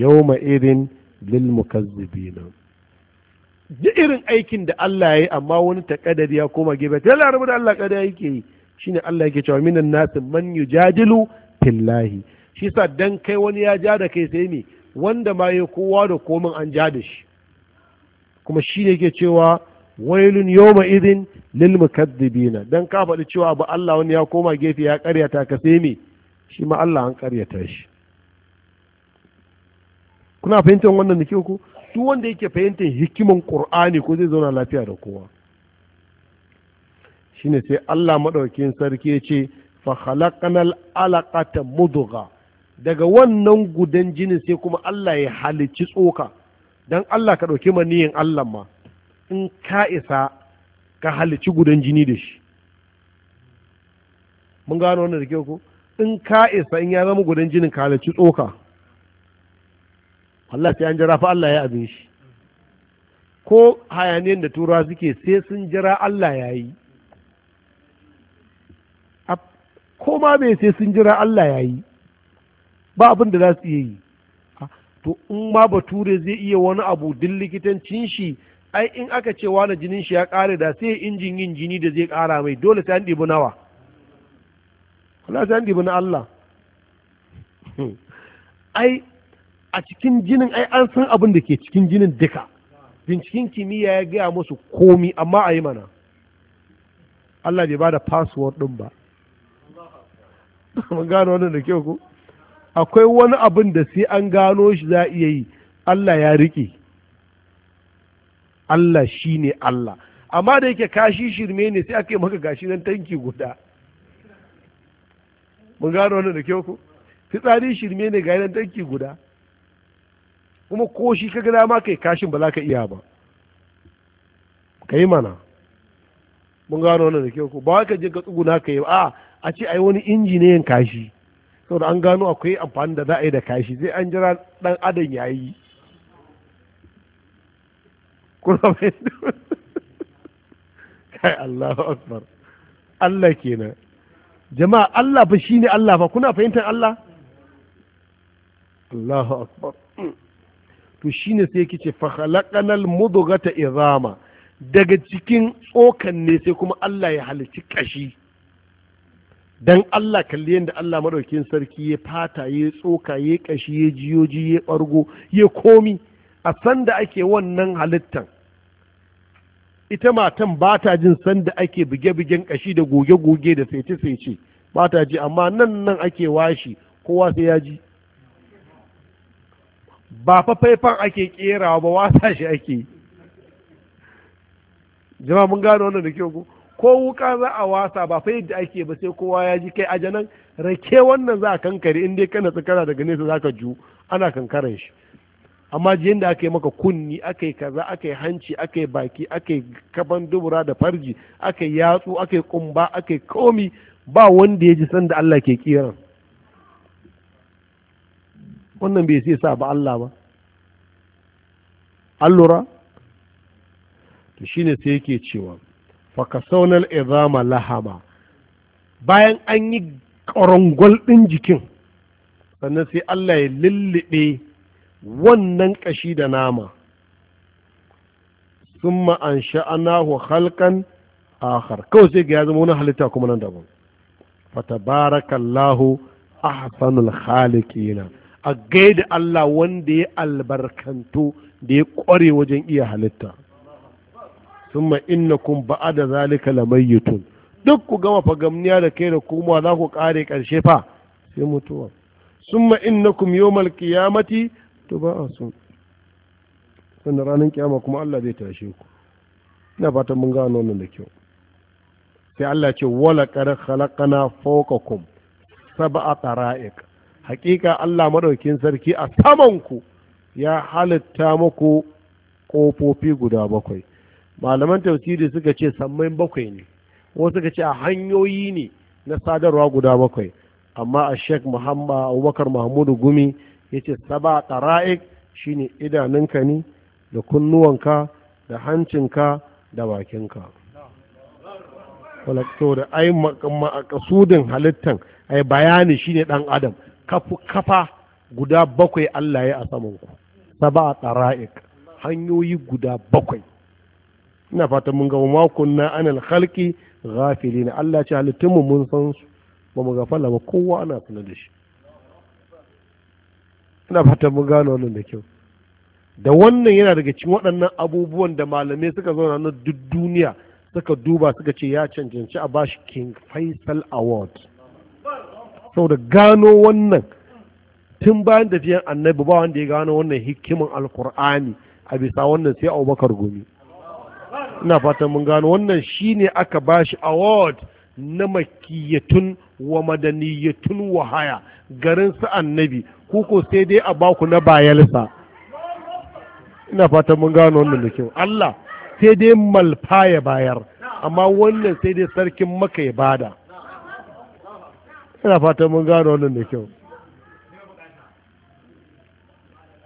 yawma irin lil mukazzibina duk irin aikin da Allah ya yi amma wani takadari ya koma gefe ta larabu da Allah kada yake yi shine Allah yake cewa minan nasu man yujadilu fillahi shi sa dan kai wani ya ja da kai sai ne wanda ma ya kowa da komin an ja da shi kuma shi ne ke cewa wailun yawma idin lil mukaddibina dan ka faɗi cewa ba Allah wani ya koma gefe ya karyata ka sai me shi ma Allah an karyata shi kuna fahimtar wannan da ku duk wanda yake fahimtar hikiman qur'ani ko zai zauna lafiya da kowa shine sai Allah madaukakin sarki ya ce fa khalaqnal alaqata mudgha daga wannan gudan jinin sai kuma Allah ya halicci tsoka don Allah ka ɗauki maniyin Allah ma in ka isa ka halicci gudan jini da shi mun gano wannan da kyau ko in ka isa in ya zama gudan jinin ka halicci tsoka Allah sai an jira fa Allah ya abin shi ko hayaniyar da tura suke sai sun jira Allah ya yi ko ma bai sai sun jira Allah ya yi ba abin da za su iya yi to in ma bature zai iya wani abu din likitancin shi ai in aka ce wani jinin shi ya kare da sai injin yin jini da zai kara mai dole sai an ɗibi nawa wala sai an ɗibi na Allah ai a cikin jinin ai an san abin da ke cikin jinin duka binciken kimiyya ya gaya musu komi amma a yi mana Allah bai ba da password ɗin ba mun gano wannan da kyau ko akwai wani abin da sai an gano shi za a iya yi Allah ya riƙe Allah shi ne Allah amma da yake kashi shirme ne sai aka yi maka gashi nan tanki guda mun gano wannan da kyau ku? fitsari shirme ne gashi nan tanki guda kuma ko shi ka gada ma kai kashin ba za ka iya ba ka yi mana mun gano wannan da kyau ku ba ka je ka tsuguna ka yi a a ce ai wani inji ne yin kashi saboda an gano akwai amfani da za a yi da kashi sai an jira dan adam ya yi kuna mai kai Allahu akbar Allah kenan jama'a Allah fa shine Allah fa kuna fahimtar Allah Allahu akbar to shine sai yake ce fa khalaqanal mudghata izama daga cikin tsokan ne sai kuma Allah ya halicci kashi dan Allah kalli yadda Allah madaukin sarki ya fata ya tsoka ya kashi ya jiyoji ya bargo ya komi a sanda ake wannan halittan ita matan ba ta jin sanda ake buge-bugen kashi da goge-goge da saice-saice ba ta ji amma nan nan ake washi kowa sai ya ji ba fa faifan ake kerawa ba wasa shi ake jama'a mun gano wannan da kyau ko ko wuka za a wasa ba fa yadda ake ba sai kowa ya ji kai a ajanan rake wannan za a kankare in dai kana tsakara daga nesa za ka ju ana kankaran shi amma jiyan da aka yi maka kunni aka yi kaza aka yi hanci aka yi baki aka yi kaban dubura da farji aka yi yatsu aka yi kumba aka yi komi ba wanda ya ji sanda Allah ke kiran wannan bai sai sa ba Allah ba allura to shine sai yake cewa fakasaunar izama lahama bayan an yi ƙarangol ɗin jikin sannan sai allah ya lullube wannan ƙashi da nama sun ma'an sha'anahu halkan akhar kawai sai ga ya zama wani halitta kuma nan daban Fata ahsanul khaliqina a gaida allah wanda ya albarkantu da ya ƙware wajen iya halitta summa innakum ba'da zalika lamayyitun duk ku gama fagamniya da kai da komawa za ku kare karshe fa sai mutuwa summa innakum yawmal qiyamati tuba'asun sannan ranar kiyama kuma Allah zai tashe ku ina fatan mun gano nan da kyau sai Allah ce wala qad khalaqana fawqakum sab'a tara'iq haƙiƙa Allah madaukin sarki a samanku ya halitta muku ƙofofi guda bakwai malaman tafsiri suka ce sammai bakwai ne wasu suka ce a hanyoyi ne na sadarwa guda bakwai amma a sheik muhammad abubakar mahmudu gumi ya ce saba tara'ik shine idanunka ne da kunnuwanka da hancinka da bakinka to da ai makasudin halittan ai bayani shine dan adam kafu kafa guda bakwai Allah ya a samanku saba tara'ik hanyoyi guda bakwai ina fatan mun ga wa makon na anal halki ghafili na Allah ce halittunmu mun san su ba mu gafala ba kowa ana kula da shi ina fatan mun gano wannan da kyau da wannan yana daga cikin waɗannan abubuwan da malamai suka zauna na duk duniya suka duba suka ce ya cancanci a bashi king faisal award saboda gano wannan tun bayan tafiyan annabi ba wanda ya gano wannan hikimin alkur'ani a bisa wannan sai abubakar gumi ina fatan mun gano wannan shine aka bashi award na makiyatun wa madaniyatun wahaya garin su annabi kuko sai dai a baku na bayelsa ina fatan mun gano wannan da kyau Allah sai dai malfa ya bayar amma wannan sai dai sarkin maka ya bada ina fatan mun gano wannan da kyau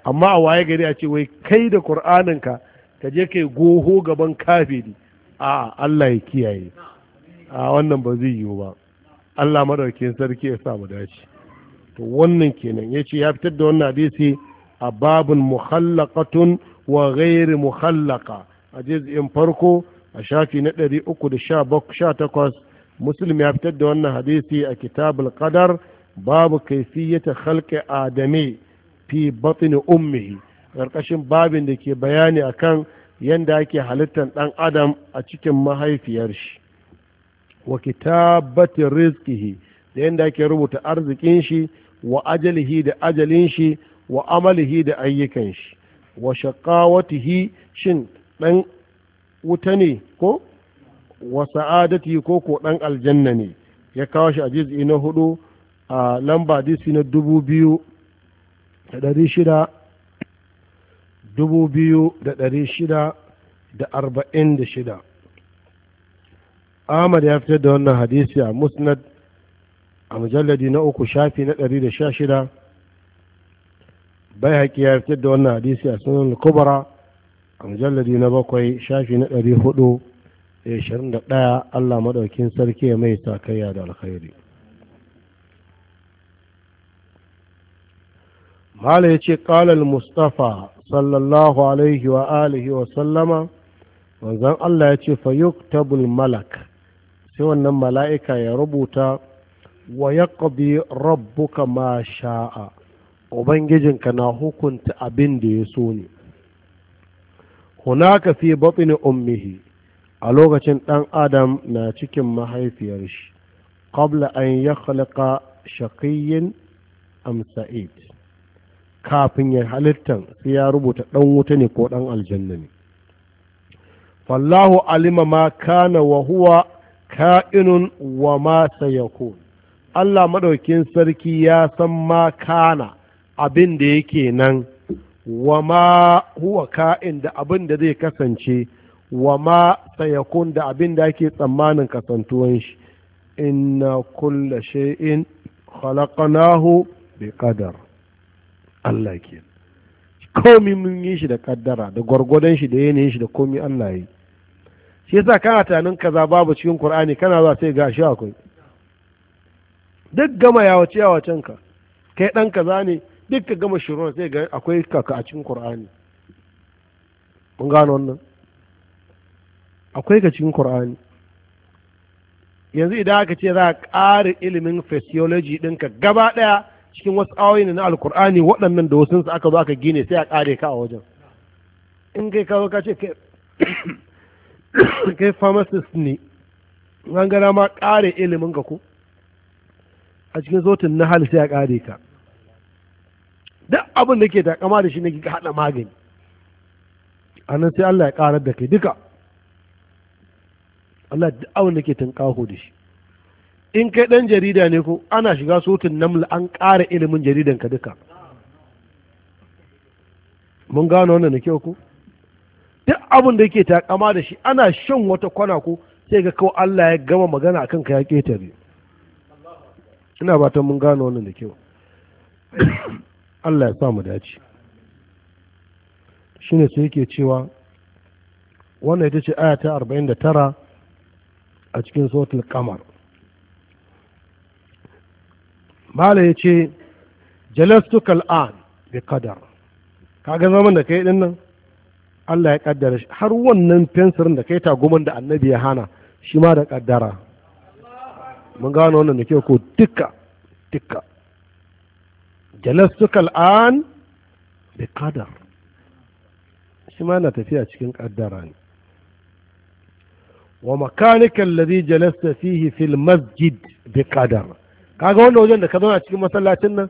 amma a waye gari a ce wai kai da ƙur'aninka ka je kai goho gaban kafiri a Allah ya kiyaye a wannan ba zai yiwu ba Allah madaukakin sarki ya sa mu dace to wannan kenan yace ya fitar da wannan hadisi a babun muhallakatun wa ghairi muhallaqa a juz'in farko a shafi na 318 muslim ya fitar da wannan hadisi a kitabul qadar babu kaifiyata khalqi adami fi batni ummihi ƙarƙashin babin da ke bayani a kan yadda ake halittar ɗan adam a cikin mahaifiyar shi wa kitabati rizqihi da yadda ake rubuta arzikin shi wa ajalihi da ajalin shi wa amalihi da ayyukan shi wa shaqawatihi shin ɗan wuta ne ko wa sa'adati ko ko ɗan aljanna ne ya kawo shi a jiz'i na hudu a lamba disi na dubu biyu da ɗari shida dubu biyu da ɗari shida da arba'in da shida ahmad ya fitar da wannan hadisi a musnad a mujalladi na uku shafi na ɗari da sha shida bai haƙi ya fitar da wannan hadisi a sunan kubara a mujalladi na bakwai shafi na ɗari hudu da ashirin da ɗaya allah maɗaukin sarki ya mai sakayya da alkhairi mala ya ce ƙalal mustafa sallallahu alaihi wa alihi wa sallama manzon Allah ya ce fa yuktabul malak sai wannan mala'ika ya rubuta wa yaqdi rabbuka ma sha'a ubangijinka na hukunta abin da ya so ne hunaka fi batni ummihi a lokacin ɗan adam na cikin mahaifiyar shi qabla an ya khalaqa shaqiyyin am sa'id kafin ya halittan sai ya rubuta ɗan wuta ne ko ɗan aljanna ne fallahu alima ma kana wa huwa ka'inun wa ma sayakun Allah maɗaukin sarki ya san ma kana abin da yake nan wa ma huwa ka'in da abin da zai kasance wa ma sayakun da abin da ake tsammanin kasantuwan shi inna kulla shay'in khalaqnahu bi qadar Allah ke komi mun yi shi da kaddara da gwargwadon shi da yanayin shi da komi Allah yi shi yasa kana tunanin kaza babu cikin Qur'ani kana za sai gashi akwai duk gama yawace yawacen ka kai dan kaza ne duk ka gama shirun sai ga akwai kaka a cikin Qur'ani mun gano wannan akwai ka cikin Qur'ani yanzu idan aka ce za a ƙara ilimin physiology ɗinka gaba ɗaya cikin wasu ayoyi na alkur'ani waɗannan da wasu su aka zo aka gine sai a ƙare ka a wajen in kai ka zo ka ce kai pharmacist ne an gana ma ƙare ilimin ka ko a cikin zotin na hali sai a ƙare ka duk abin da ke takama da shi ne ka haɗa magani a nan sai Allah ya ƙarar da kai duka Allah duk abin da ke tunƙaho da shi in kai ɗan jarida ne ko ana shiga sotun naml an ƙara ilimin jaridan ka duka mun gano wannan da kyau ko duk abin da yake takama da shi ana shan wata kwana ko sai ga kawai Allah ya gama magana akan ka ya ƙetare ina batan mun gano wannan da kyau Allah ya sa mu dace shine sai yake cewa wannan ita ce aya ta 49 a cikin suratul kamar. mala ya ce jalastu kal'an bi kadar kaga zaman da kai dinnan Allah ya kaddara shi har wannan fensirin da kai tagoman da annabi ya hana shi ma da kaddara mun gano wannan da ke ko duka duka jalastu kal'an bi kadar shi ma na tafiya cikin kaddara ne wa makanikan alladhi jalasta fihi fil masjid bi kadar kaga wanda wajen da ka zauna cikin masallacin nan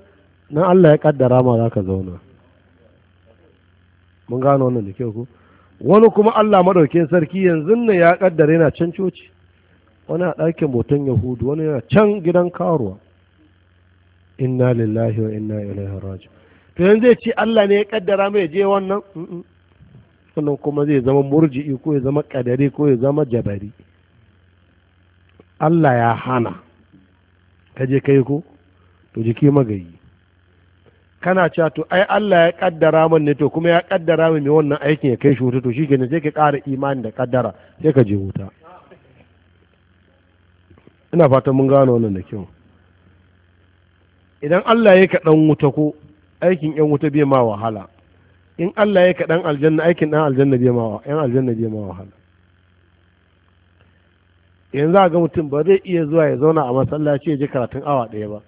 nan Allah ya kaddara ma za ka zauna mun gano wannan da kyau ko wani kuma Allah madaukin sarki yanzu nan ya kaddare yana can coci wani a ɗakin botan yahudu wani yana can gidan karuwa inna lillahi wa inna ilaihi raji to yanzu zai ce Allah ne ya kaddara mai je wannan sannan kuma zai zama murji'i ko ya zama kadari ko ya zama jabari Allah ya hana ka je kai ko to jiki magayi kana cewa to ai Allah ya kaddara min ne to kuma ya kaddara min me wannan aikin ya kai shi wuta to shi kenan sai ka ƙara imani da kaddara sai ka je wuta ina fatan mun gano wannan da kyau idan Allah ya ka dan wuta ko aikin yan wuta bai ma wahala in Allah ya ka dan aljanna aikin dan aljanna bai ma wahala yan aljanna bai ma wahala yanzu a ga mutum ba zai iya zuwa ya zauna a masallaci ya ji karatun awa ɗaya ba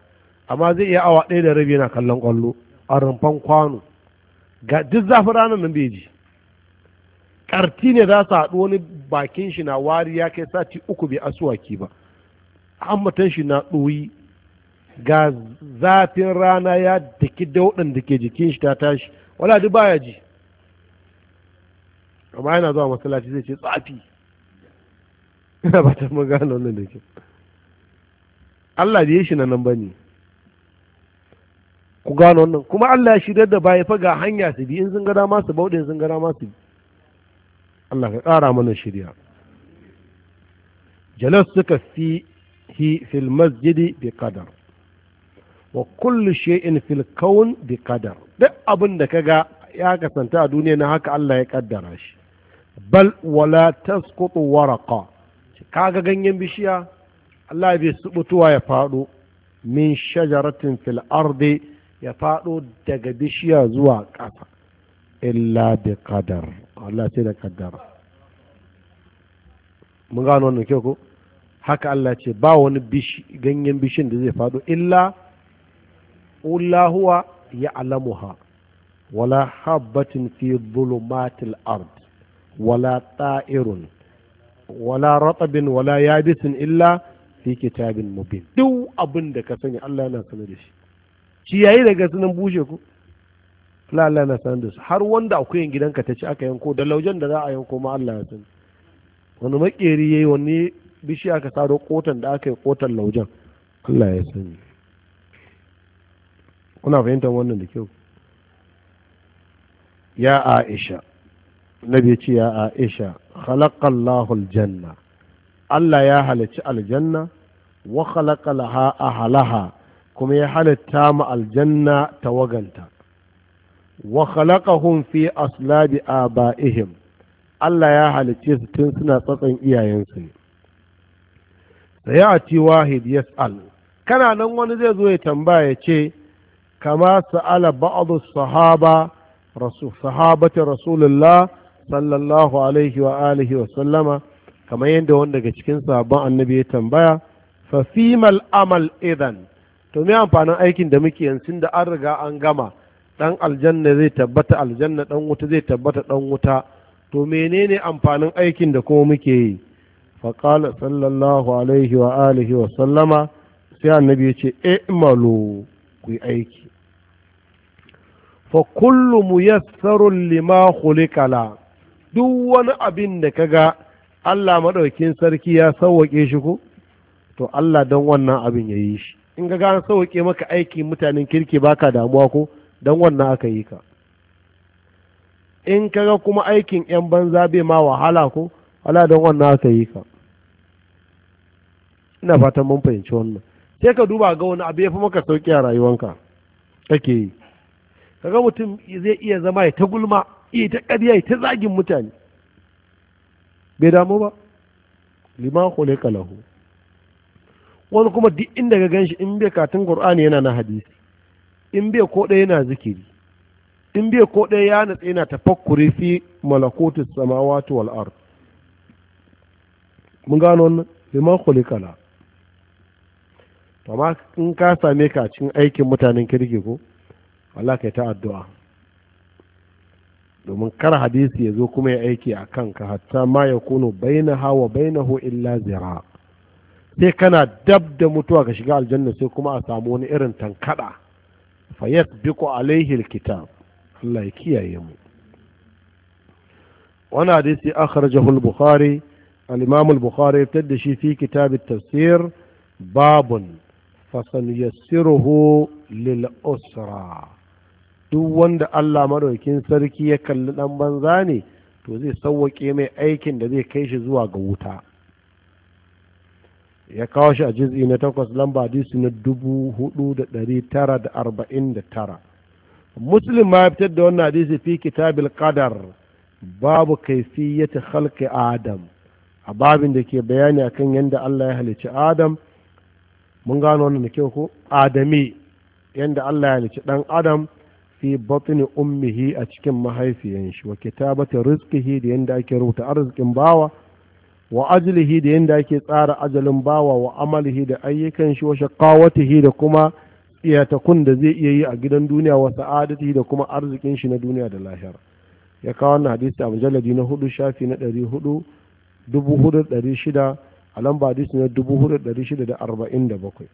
amma zai iya awa ɗaya da rabi yana kallon ƙwallo a rumfan kwano ga duk zafin ranar nan bai ji ƙarti ne za su haɗu wani bakin shi na wari ya kai sati uku bai asuwaki ba hammatan shi na ɗoyi ga zafin rana ya daki dauɗin da ke jikin shi ta tashi wala duk baya ji amma yana zuwa masallaci zai ce tsafi ina ba ta mun gano wannan da kyau Allah ya shi na nan bane ku gano wannan kuma Allah ya shirya da baya fa ga hanya su bi in sun ga dama su bauɗe sun ga dama su bi Allah ka ƙara mana shirya jalas suka fi hi fil masjidi bi qadar wa kullu shay'in fil kawn bi qadar duk abin da kaga ya kasanta a duniya na haka Allah ya kaddara shi bal wala tasqutu waraqa kaga ganyen bishiya Allah bai subutuwa ya faɗo min shajaratin fil ardi ya faɗo daga bishiya zuwa ƙasa illa bi qadar Allah sai da kaddara mun gano wannan kyau ko haka Allah ce ba wani ganyen bishin da zai faɗo illa huwa ya wala habbatin fi dhulumatil ard wala ta'irun wala ratabin wala yabisin illa fi kitabin mubin duk abin da ka sani Allah yana sanar da shi shi ciyayi daga sunan bushe ku Allah Allah yana sanar da su har wanda akwai gidanka ta aka yanko da laujen da za a yanko ma Allah ya sani wani makeri yayi wani bishi aka saro kotan da aka yi kotan laujen Allah ya sani kuna fahimtar wannan da kyau ya Aisha nabi ce ya aisha khalaqallahu aljanna Allah ya halicci aljanna wa khalaqa laha ahlaha kuma ya halitta ma aljanna tawaganta wa khalaqahum fi aslabi abaihim Allah ya halicce su tun suna tsatsan iyayensu sayati wahid yas'al kana nan wani zai zo ya tambaya ya ce kama sa'ala ba'd sahaba rasul sahabati rasulullah sallallahu alaihi wa alihi wa sallama kamar yadda wanda daga cikin sabon annabi ya tambaya fa fimal amal idan to me amfanin aikin da muke yanzu da an riga an gama dan aljanna zai tabbata aljanna dan wuta zai tabbata dan wuta to menene amfanin aikin da kuma muke yi fa qala sallallahu alaihi wa alihi wa sallama sai annabi ya ce i'malu ku aiki fa kullu muyassarun lima khuliqala duk wani abin da ka ga Allah maɗaukin sarki ya sauwaƙe shi ko to Allah don wannan abin ya yi shi in ga an sauwaƙe maka aiki mutanen kirki baka damuwa ko don wannan aka yi ka in ka ga kuma aikin 'yan banza bai ma wahala ko Allah don wannan aka yi ka ina fatan mun fahimci wannan sai ka duba ga wani abu ya fi maka sauƙi a rayuwanka kake yi Ka ga mutum zai iya zama ya ta gulma iya ta ƙarya ta zagin mutane bai damu ba liman kule kalahu wani kuma duk inda ga ganshi in bai katin qur'ani yana na hadisi in bai ko ɗaya yana zikiri in bai ko ɗaya ya natsa yana tafakkuri fi malakotu samawati wal ard mun gano wannan liman kule kala amma in ka same ka cikin aikin mutanen kirki ko Allah yi ta addu'a domin kar hadisi ya zo kuma ya aiki a kanka hatta ma ya kuno baina hawa baina ho illa zira sai kana dab da mutuwa ka shiga aljanna sai kuma a samu wani irin tankada fa yasbiqu alaihi kitab Allah ya kiyaye mu wani hadisi akhrajahu al-bukhari al ya fitar da shi fi kitab at-tafsir babun fasan yassiruhu lil usra duk wanda Allah maraukin sarki ya kalli ɗan banza ne to zai sauwaƙe mai aikin da zai kai shi zuwa ga wuta ya kawo shi a jiz'i na takwas lamba disu na dubu hudu da ɗari tara da arba'in da tara muslim ma ya fitar da wannan hadisi fi kitabil qadar babu kaifiyyati khalqi adam a babin da ke bayani akan yadda Allah ya halicci adam mun gano wannan da kyau ko adami yadda Allah ya halicci dan adam fi batini ummihi a cikin mahaifiyan shi wa kitabata rizqihi da yanda ake rubuta arzikin bawa wa ajlihi da yanda ake tsara ajalin bawa wa amalihi da ayyukan shi wa shaqawatihi da kuma iyatakun da zai iya yi a gidan duniya wa sa'adatihi da kuma arzikin shi na duniya da lahira ya kawo wannan hadisi a mujalladi na hudu shafi na ɗari hudu dubu hudu ɗari shida a lamba hadisi na dubu hudu ɗari shida da arba'in da bakwai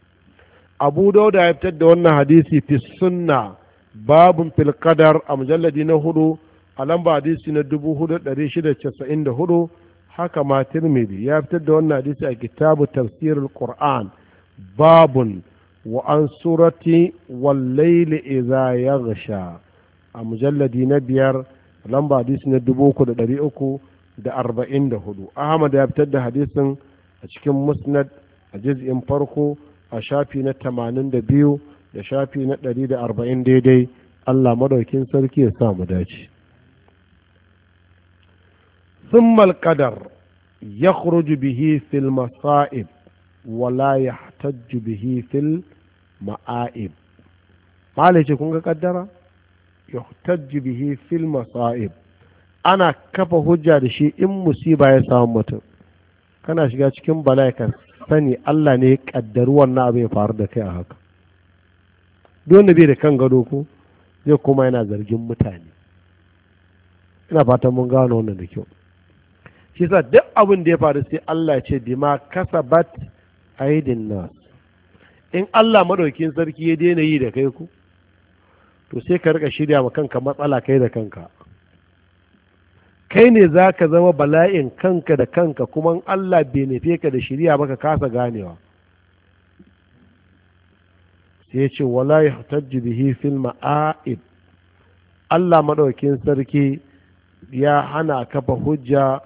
abu dauda ya fitar da wannan hadisi fi sunna babun filkadar a mujalladi na hudu a lamba hadisi na dubu hudu ɗari shida casa'in da hudu haka ma ya fitar da wannan hadisi a kitabu tafsirul qur'an babun wa an surati wallaili idza yaghsha a mujalladi na biyar lamba hadisi na dubu uku da arba'in da hudu ahmad ya fitar da hadisin a cikin musnad a jiz'in farko a shafi na tamanin da biyu da shafi na ɗari da 140 daidai Allah madaukin sarki ya sa mu dace summal qadar yakhruju bihi fil masa'ib wala ya yahtajju bihi fil ma'aib malace kun ga kaddara yuhtajju bihi fil masa'ib ana kafa hujja da shi in musiba ya samu mutum kana shiga cikin bala'ika sani Allah ne ya kaddaru wannan abu ya faru da kai a haka don bai da kan gado ko zai kuma yana zargin mutane ina fatan mun gano wannan da kyau shi sa duk abin da ya faru sai Allah ce bima kasabat aidin nas in Allah madaukin sarki ya daina yi da kai ku to sai ka rika shirya ma kanka matsala kai da kanka kai ne za ka zama bala'in kanka da kanka kuma Allah bai nufe ka da shirya maka kasa ganewa sai ya ce wala ya tajji bihi fil ma'aib Allah maɗaukin sarki ya hana kafa hujja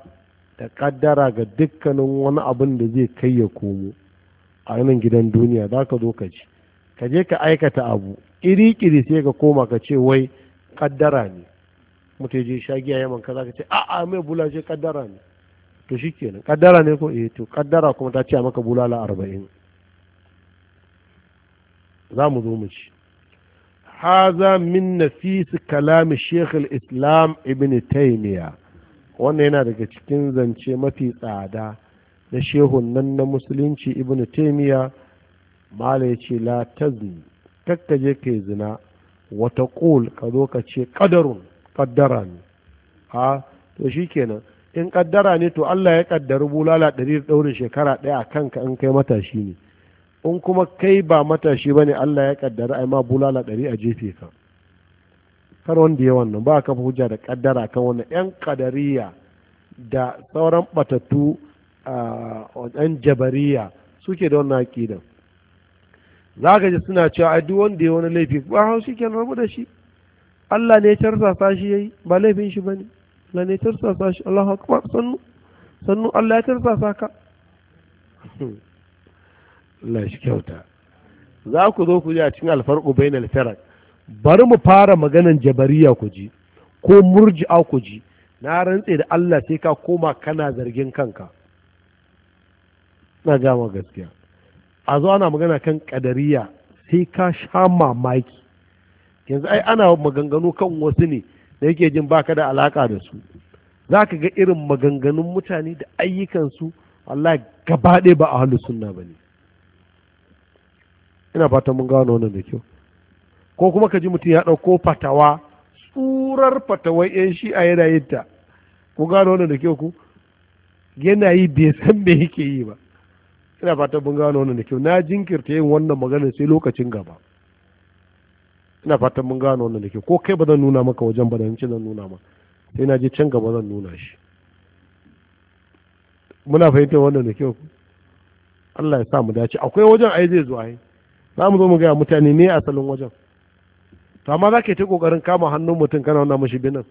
da ƙaddara ga dukkanin wani abin da zai kai ya komo a yanin gidan duniya za ka zo ka ji ka je ka aikata abu iri kiri sai ka koma ka ce wai ƙaddara ne mutum je shagiya ya manka za ka ce a'a mai ce ƙaddara ne to shi kenan ƙaddara ne ko eh to ƙaddara kuma ta ce maka bulala arba'in za mu zo mu ci haza min nafisi kalami sheikh islam ibn taymiya wannan yana daga cikin zance mafi tsada na shehun nan na musulunci ibn taymiya mala ya ce la tazni kakka kai zina wata ƙul ka zo ka ce ƙadarun ƙaddara ne ha to shi kenan in ƙaddara ne to allah ya ƙaddari bulala ɗari da ɗaurin shekara ɗaya a kanka in kai matashi ne in kuma kai ba matashi ba ne allah ya kaddara ai ma bulala ɗari a jefe ka kar wanda ya wannan ba ka hujja da kaddara kan wannan yan kadariya da sauran batattu a yan jabariya suke da wannan aƙidan za ka ji suna cewa a duk wanda ya wani laifi ba hau shi kenan rabu da shi Allah ne ya sa shi yi ba laifin shi ne Allah ne ya sa shi Allahu sannu sannu Allah ya tarsasa ka hmm. Allah shi kyauta za ku zo ku ji a cikin alfar bainal firaq bari mu fara maganan jabariya ku ji ko murji'a ku ji na rantse da Allah sai ka koma kana zargin kanka na gama gaskiya a zo ana magana kan kadariya sai ka sha mamaki yanzu ai ana maganganu kan wasu ne da yake jin baka da alaka da su za ka ga irin maganganun mutane da ayyukansu Allah gaba ɗaya ba a halin sunna ba ne ina fatan mun gano wannan da kyau ko kuma ka ji mutum ya ɗauko fatawa tsurar fatawar yan shi yana yin ta ku gano wannan da kyau ku yana yi bai san me yake yi ba ina fatan mun gano wannan da kyau na jinkirta yin wannan maganar sai lokacin gaba ina fatan mun gano wannan da kyau ko kai ba zan nuna maka wajen ba dan zan nuna ma sai na je can gaba zan nuna shi muna fahimtar wannan da kyau Allah ya sa mu dace akwai wajen ai zai zo ai za mu zo mu gaya mutane ne asalin wajen to amma za ka yi ta ƙoƙarin kama hannun mutum kana wannan mashi binin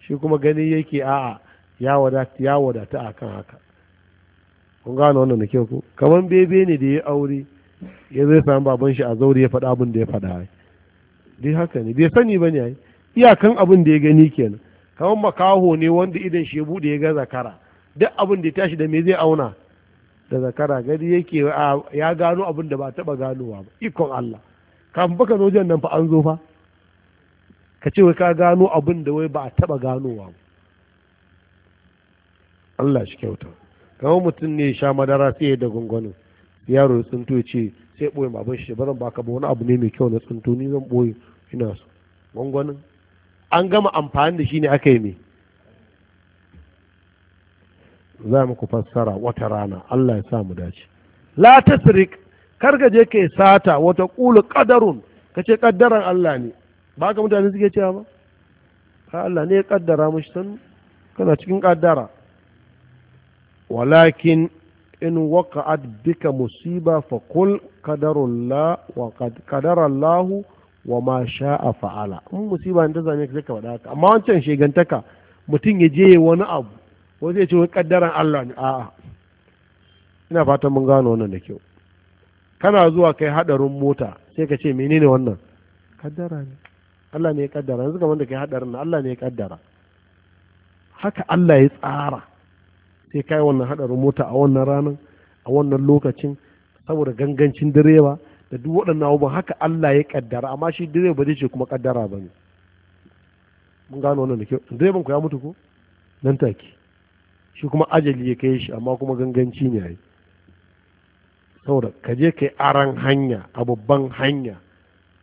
shi kuma gani yake a'a ya wadata ya wadata akan haka kun gane wannan da ke ku? kamar bebe ne da ya aure ya zai samu baban shi a zauri ya faɗa abin da ya faɗa dai haka ne bai sani ba ne ai iyakan abin da ya gani kenan kamar makaho ne wanda idan shi ya bude ya ga zakara duk abin da ya tashi da me zai auna da zakara gani yake ya gano abin da ba taɓa ganowa ba ikon Allah kafin baka zo wajen nan fa an zo fa ka ce wai ka gano abin da wai ba a taɓa ganowa ba Allah shi kyauta kamar mutum ne sha madara sai ya da gwangwani yaro ya tsinto ya ce sai ɓoye baban shi barin baka ba wani abu ne mai kyau na tsinto ni zan ɓoye ina so gwangwanin an gama amfani da shi ne aka yi mai za muku fassara wata rana Allah ya sa mu dace la tasrik kar ka je kai sata wata qulu qadarun kace kaddaran Allah ne ba ka mutane suke cewa ba ka Allah ne ya kaddara mushi san kana cikin kaddara walakin in waqa'at bika musiba fa qul qadarullah wa qad qadara Allah wa ma sha'a fa'ala in musiba ta zame ka ka amma wancan shegantaka mutum ya je wani abu ko zai ce wai kaddaran Allah ne a'a ina fatan mun gano wannan da kyau kana zuwa kai hadarin mota sai ka ce menene wannan kaddara ne Allah ne ya kaddara yanzu kamar da kai hadarin Allah ne ya kaddara haka Allah ya tsara sai kai wannan hadarin mota a wannan ranar a wannan lokacin saboda gangancin direba da duk waɗannan abubuwan haka Allah ya kaddara amma shi direba zai ce kuma kaddara ba ne mun gano wannan da kyau direban ku ya mutu ko nan take shi kuma ajali ya kai shi amma kuma ganganci ne yayi saboda ka je kai aran hanya a babban hanya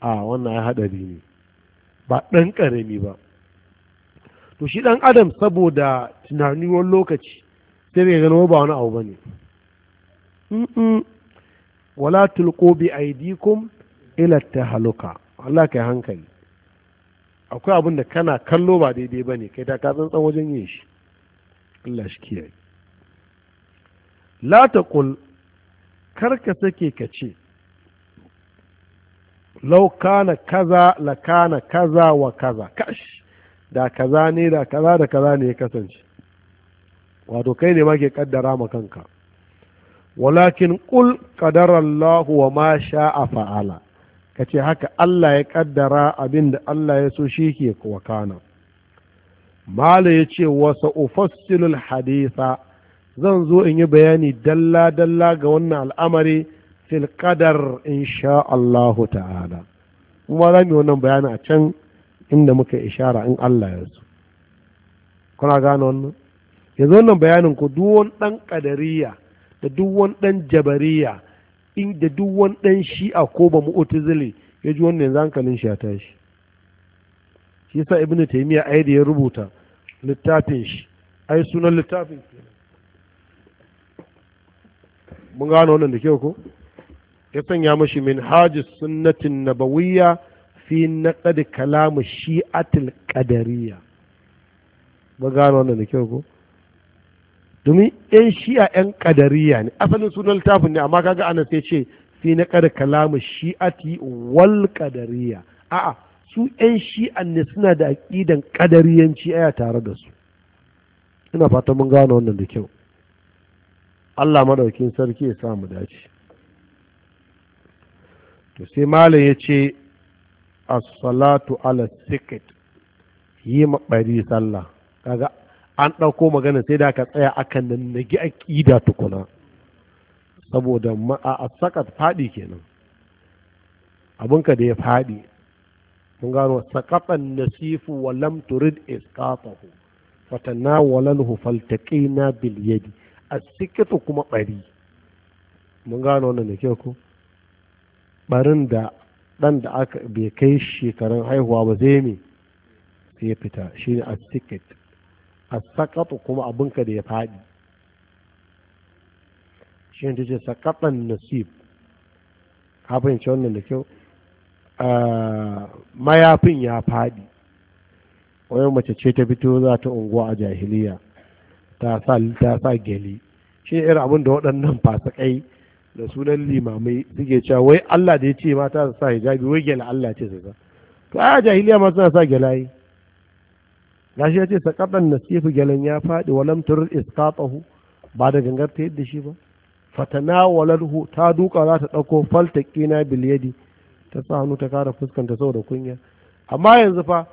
a wannan ya hadari ne ba ɗan ƙarami ba to shi ɗan adam saboda tunaniwar lokaci sai bai gano ba wani abu ba ne wala tulko bi aidikum ila ta haluka Allah kai hankali akwai abin da kana kallo ba daidai ba ne kai ta ka tsantsan wajen yin shi Allah shi kiyaye la taqul karka sake ka ce Lauka kana kaza la kana kaza wa kaza kash da kaza ne da kaza da kaza ne ya kasance wato kai ne ma ke kaddara ma kanka walakin ƙul ƙadarar wa ma a fa'ala kace haka Allah ya kaddara abinda Allah ya so shi ke wakana mala ya ce wasa ofasilul haditha zan zo in yi bayani dalla-dalla ga wannan al'amari fil qadar insha Allah ta'ala kuma za mu yi wannan bayani a can inda muka ishara in Allah ya so kuna gano wannan yanzu wannan bayanin ku duwon ɗan dan kadariya da duwon ɗan dan jabariya in da duk wani dan shi'a ko ba mu'tazili ya ji wannan yanzu hankalin shi ya tashi shi sa ibn taymiya ai da ya rubuta littafin shi ai sunan littafin shi mun gano wannan da kyau ko ya sanya mashi min haji sunnatin nabawiyya fi naqad kalam shi'atil qadariyya mun gano wannan da kyau ko domin yan shi'a yan qadariyya ne asalin sunan littafin ne amma kaga ana sai ce fi naqad kalam shi'ati wal qadariyya a'a su 'yan shi'an ne suna da aƙidan ƙadariyanci aya tare da su ina fata mun gano wannan da kyau Allah madaukin sarki ya sa mu dace to sai malam ya ce Asalatu ala sikit yi maɓari sallah kaga an ɗauko magana sai da aka tsaya aka nannagi aƙida tukuna saboda a sakat faɗi kenan abinka da ya faɗi kun gano saqatan nasifu wa lam turid isqatahu fatanawalanhu faltaqina bil yadi asikatu kuma bari mun gano wannan da kyau ko barin da dan da aka bai kai shekarun haihuwa ba zai me sai ya fita shine as-sikat as-saqatu kuma abinka da ya fadi shine tace saqatan nasib ka fahimci wannan da kyau mayafin ya faɗi wani mace ce ta fito za ta unguwa a jahiliya ta sa ta sa geli shi irin abin da waɗannan fasakai da sunan limamai suke cewa wai Allah da ya ce mata su sa hijabi wai gela Allah ce su to a jahiliya ma suna sa na gashi ya ce sakatan nasifu gelen ya faɗi walam tur isqatahu ba da gangar ta yadda shi ba fatana walarhu ta duka za ta ɗauko faltakina biliyadi ta sa hannu ta kara fuskanta saboda kunya amma yanzu fa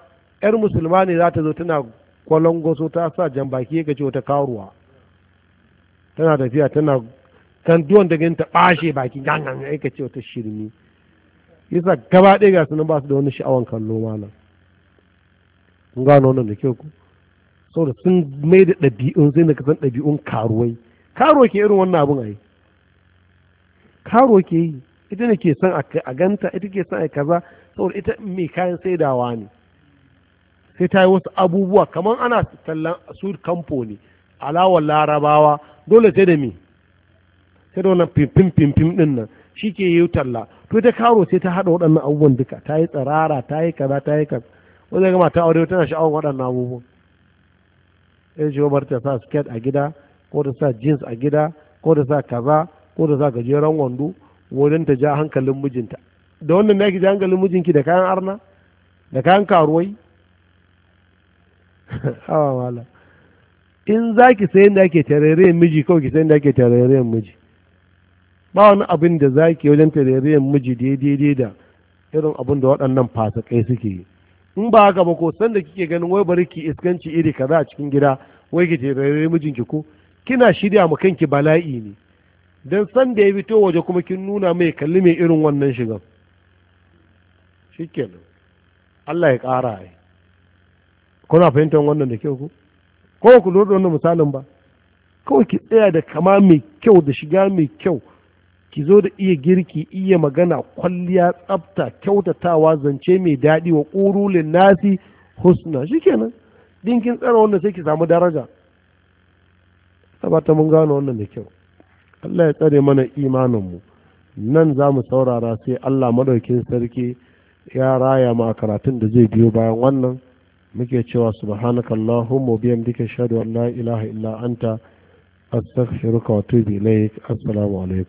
yar musulma ne za ta zo tana kwalangoso ta sa jan baki ya ce wata karuwa tana tafiya tana kan duwan da ta bashe baki gangan aika ce wata shirmi yasa gaba ɗaya ga sunan ba su da wani sha'awan kallo mana kun gano wannan da kyau ku saboda sun mai da ɗabi'un sai da kasan ɗabi'un karuwai karuwa ke irin wannan abin ai karuwa ke yi ita ne ke son a ganta ita ke son a kaza saboda ita mai kayan saidawa ne sai ta yi wasu abubuwa kamar ana tallan su kamfo ne alawar larabawa dole sai da me sai da wannan fimfim fimfim din nan shi ke yi talla to ita karo sai ta haɗa waɗannan abubuwan duka ta yi tsirara ta yi kaza ta yi kaza wanda ya gama ta aure tana sha'awar waɗannan abubuwan ya ce bar ta sa skirt a gida ko ta sa jeans a gida ko ta sa kaza ko ta sa gajeren wando wajen ta ja hankalin mijinta da wannan naki ja hankalin mijinki da kayan arna da kayan karuwai hawa wala in za ki sayan da ake tarerayen miji kawai ki sayan da ake tarerayen miji ba wani abin da za ki wajen tarerayen miji daidai da irin abin da waɗannan fasakai suke yi in ba haka ba ko sanda kike ganin wai bari ki iskanci iri kaza a cikin gida wai ki tarerayen mijinki ko kina shirya ma kanki bala'i ne don san da ya fito waje kuma kin nuna mai kalli mai irin wannan shigan shikenan Allah ya ƙara ya kuna fahimtar wannan da kyau ku ko ku lura da wannan misalin ba kawai ki tsaya da kama mai kyau da shiga mai kyau ki zo da iya girki iya magana kwalliya tsafta kyautatawa zance mai daɗi wa ƙurulin nasi husna shi shikenan dinkin tsara wannan sai ki samu daraja ta mun gano wannan da kyau Allah ya tsare mana imaninmu nan za mu saurara sai Allah maɗaukin sarki ya raya mu a karatun da zai biyo bayan wannan muke cewa subhanakallahumma bihamdika dika an la ilaha illa anta astaghfiruka wa atubu ilaik assalamu alaikum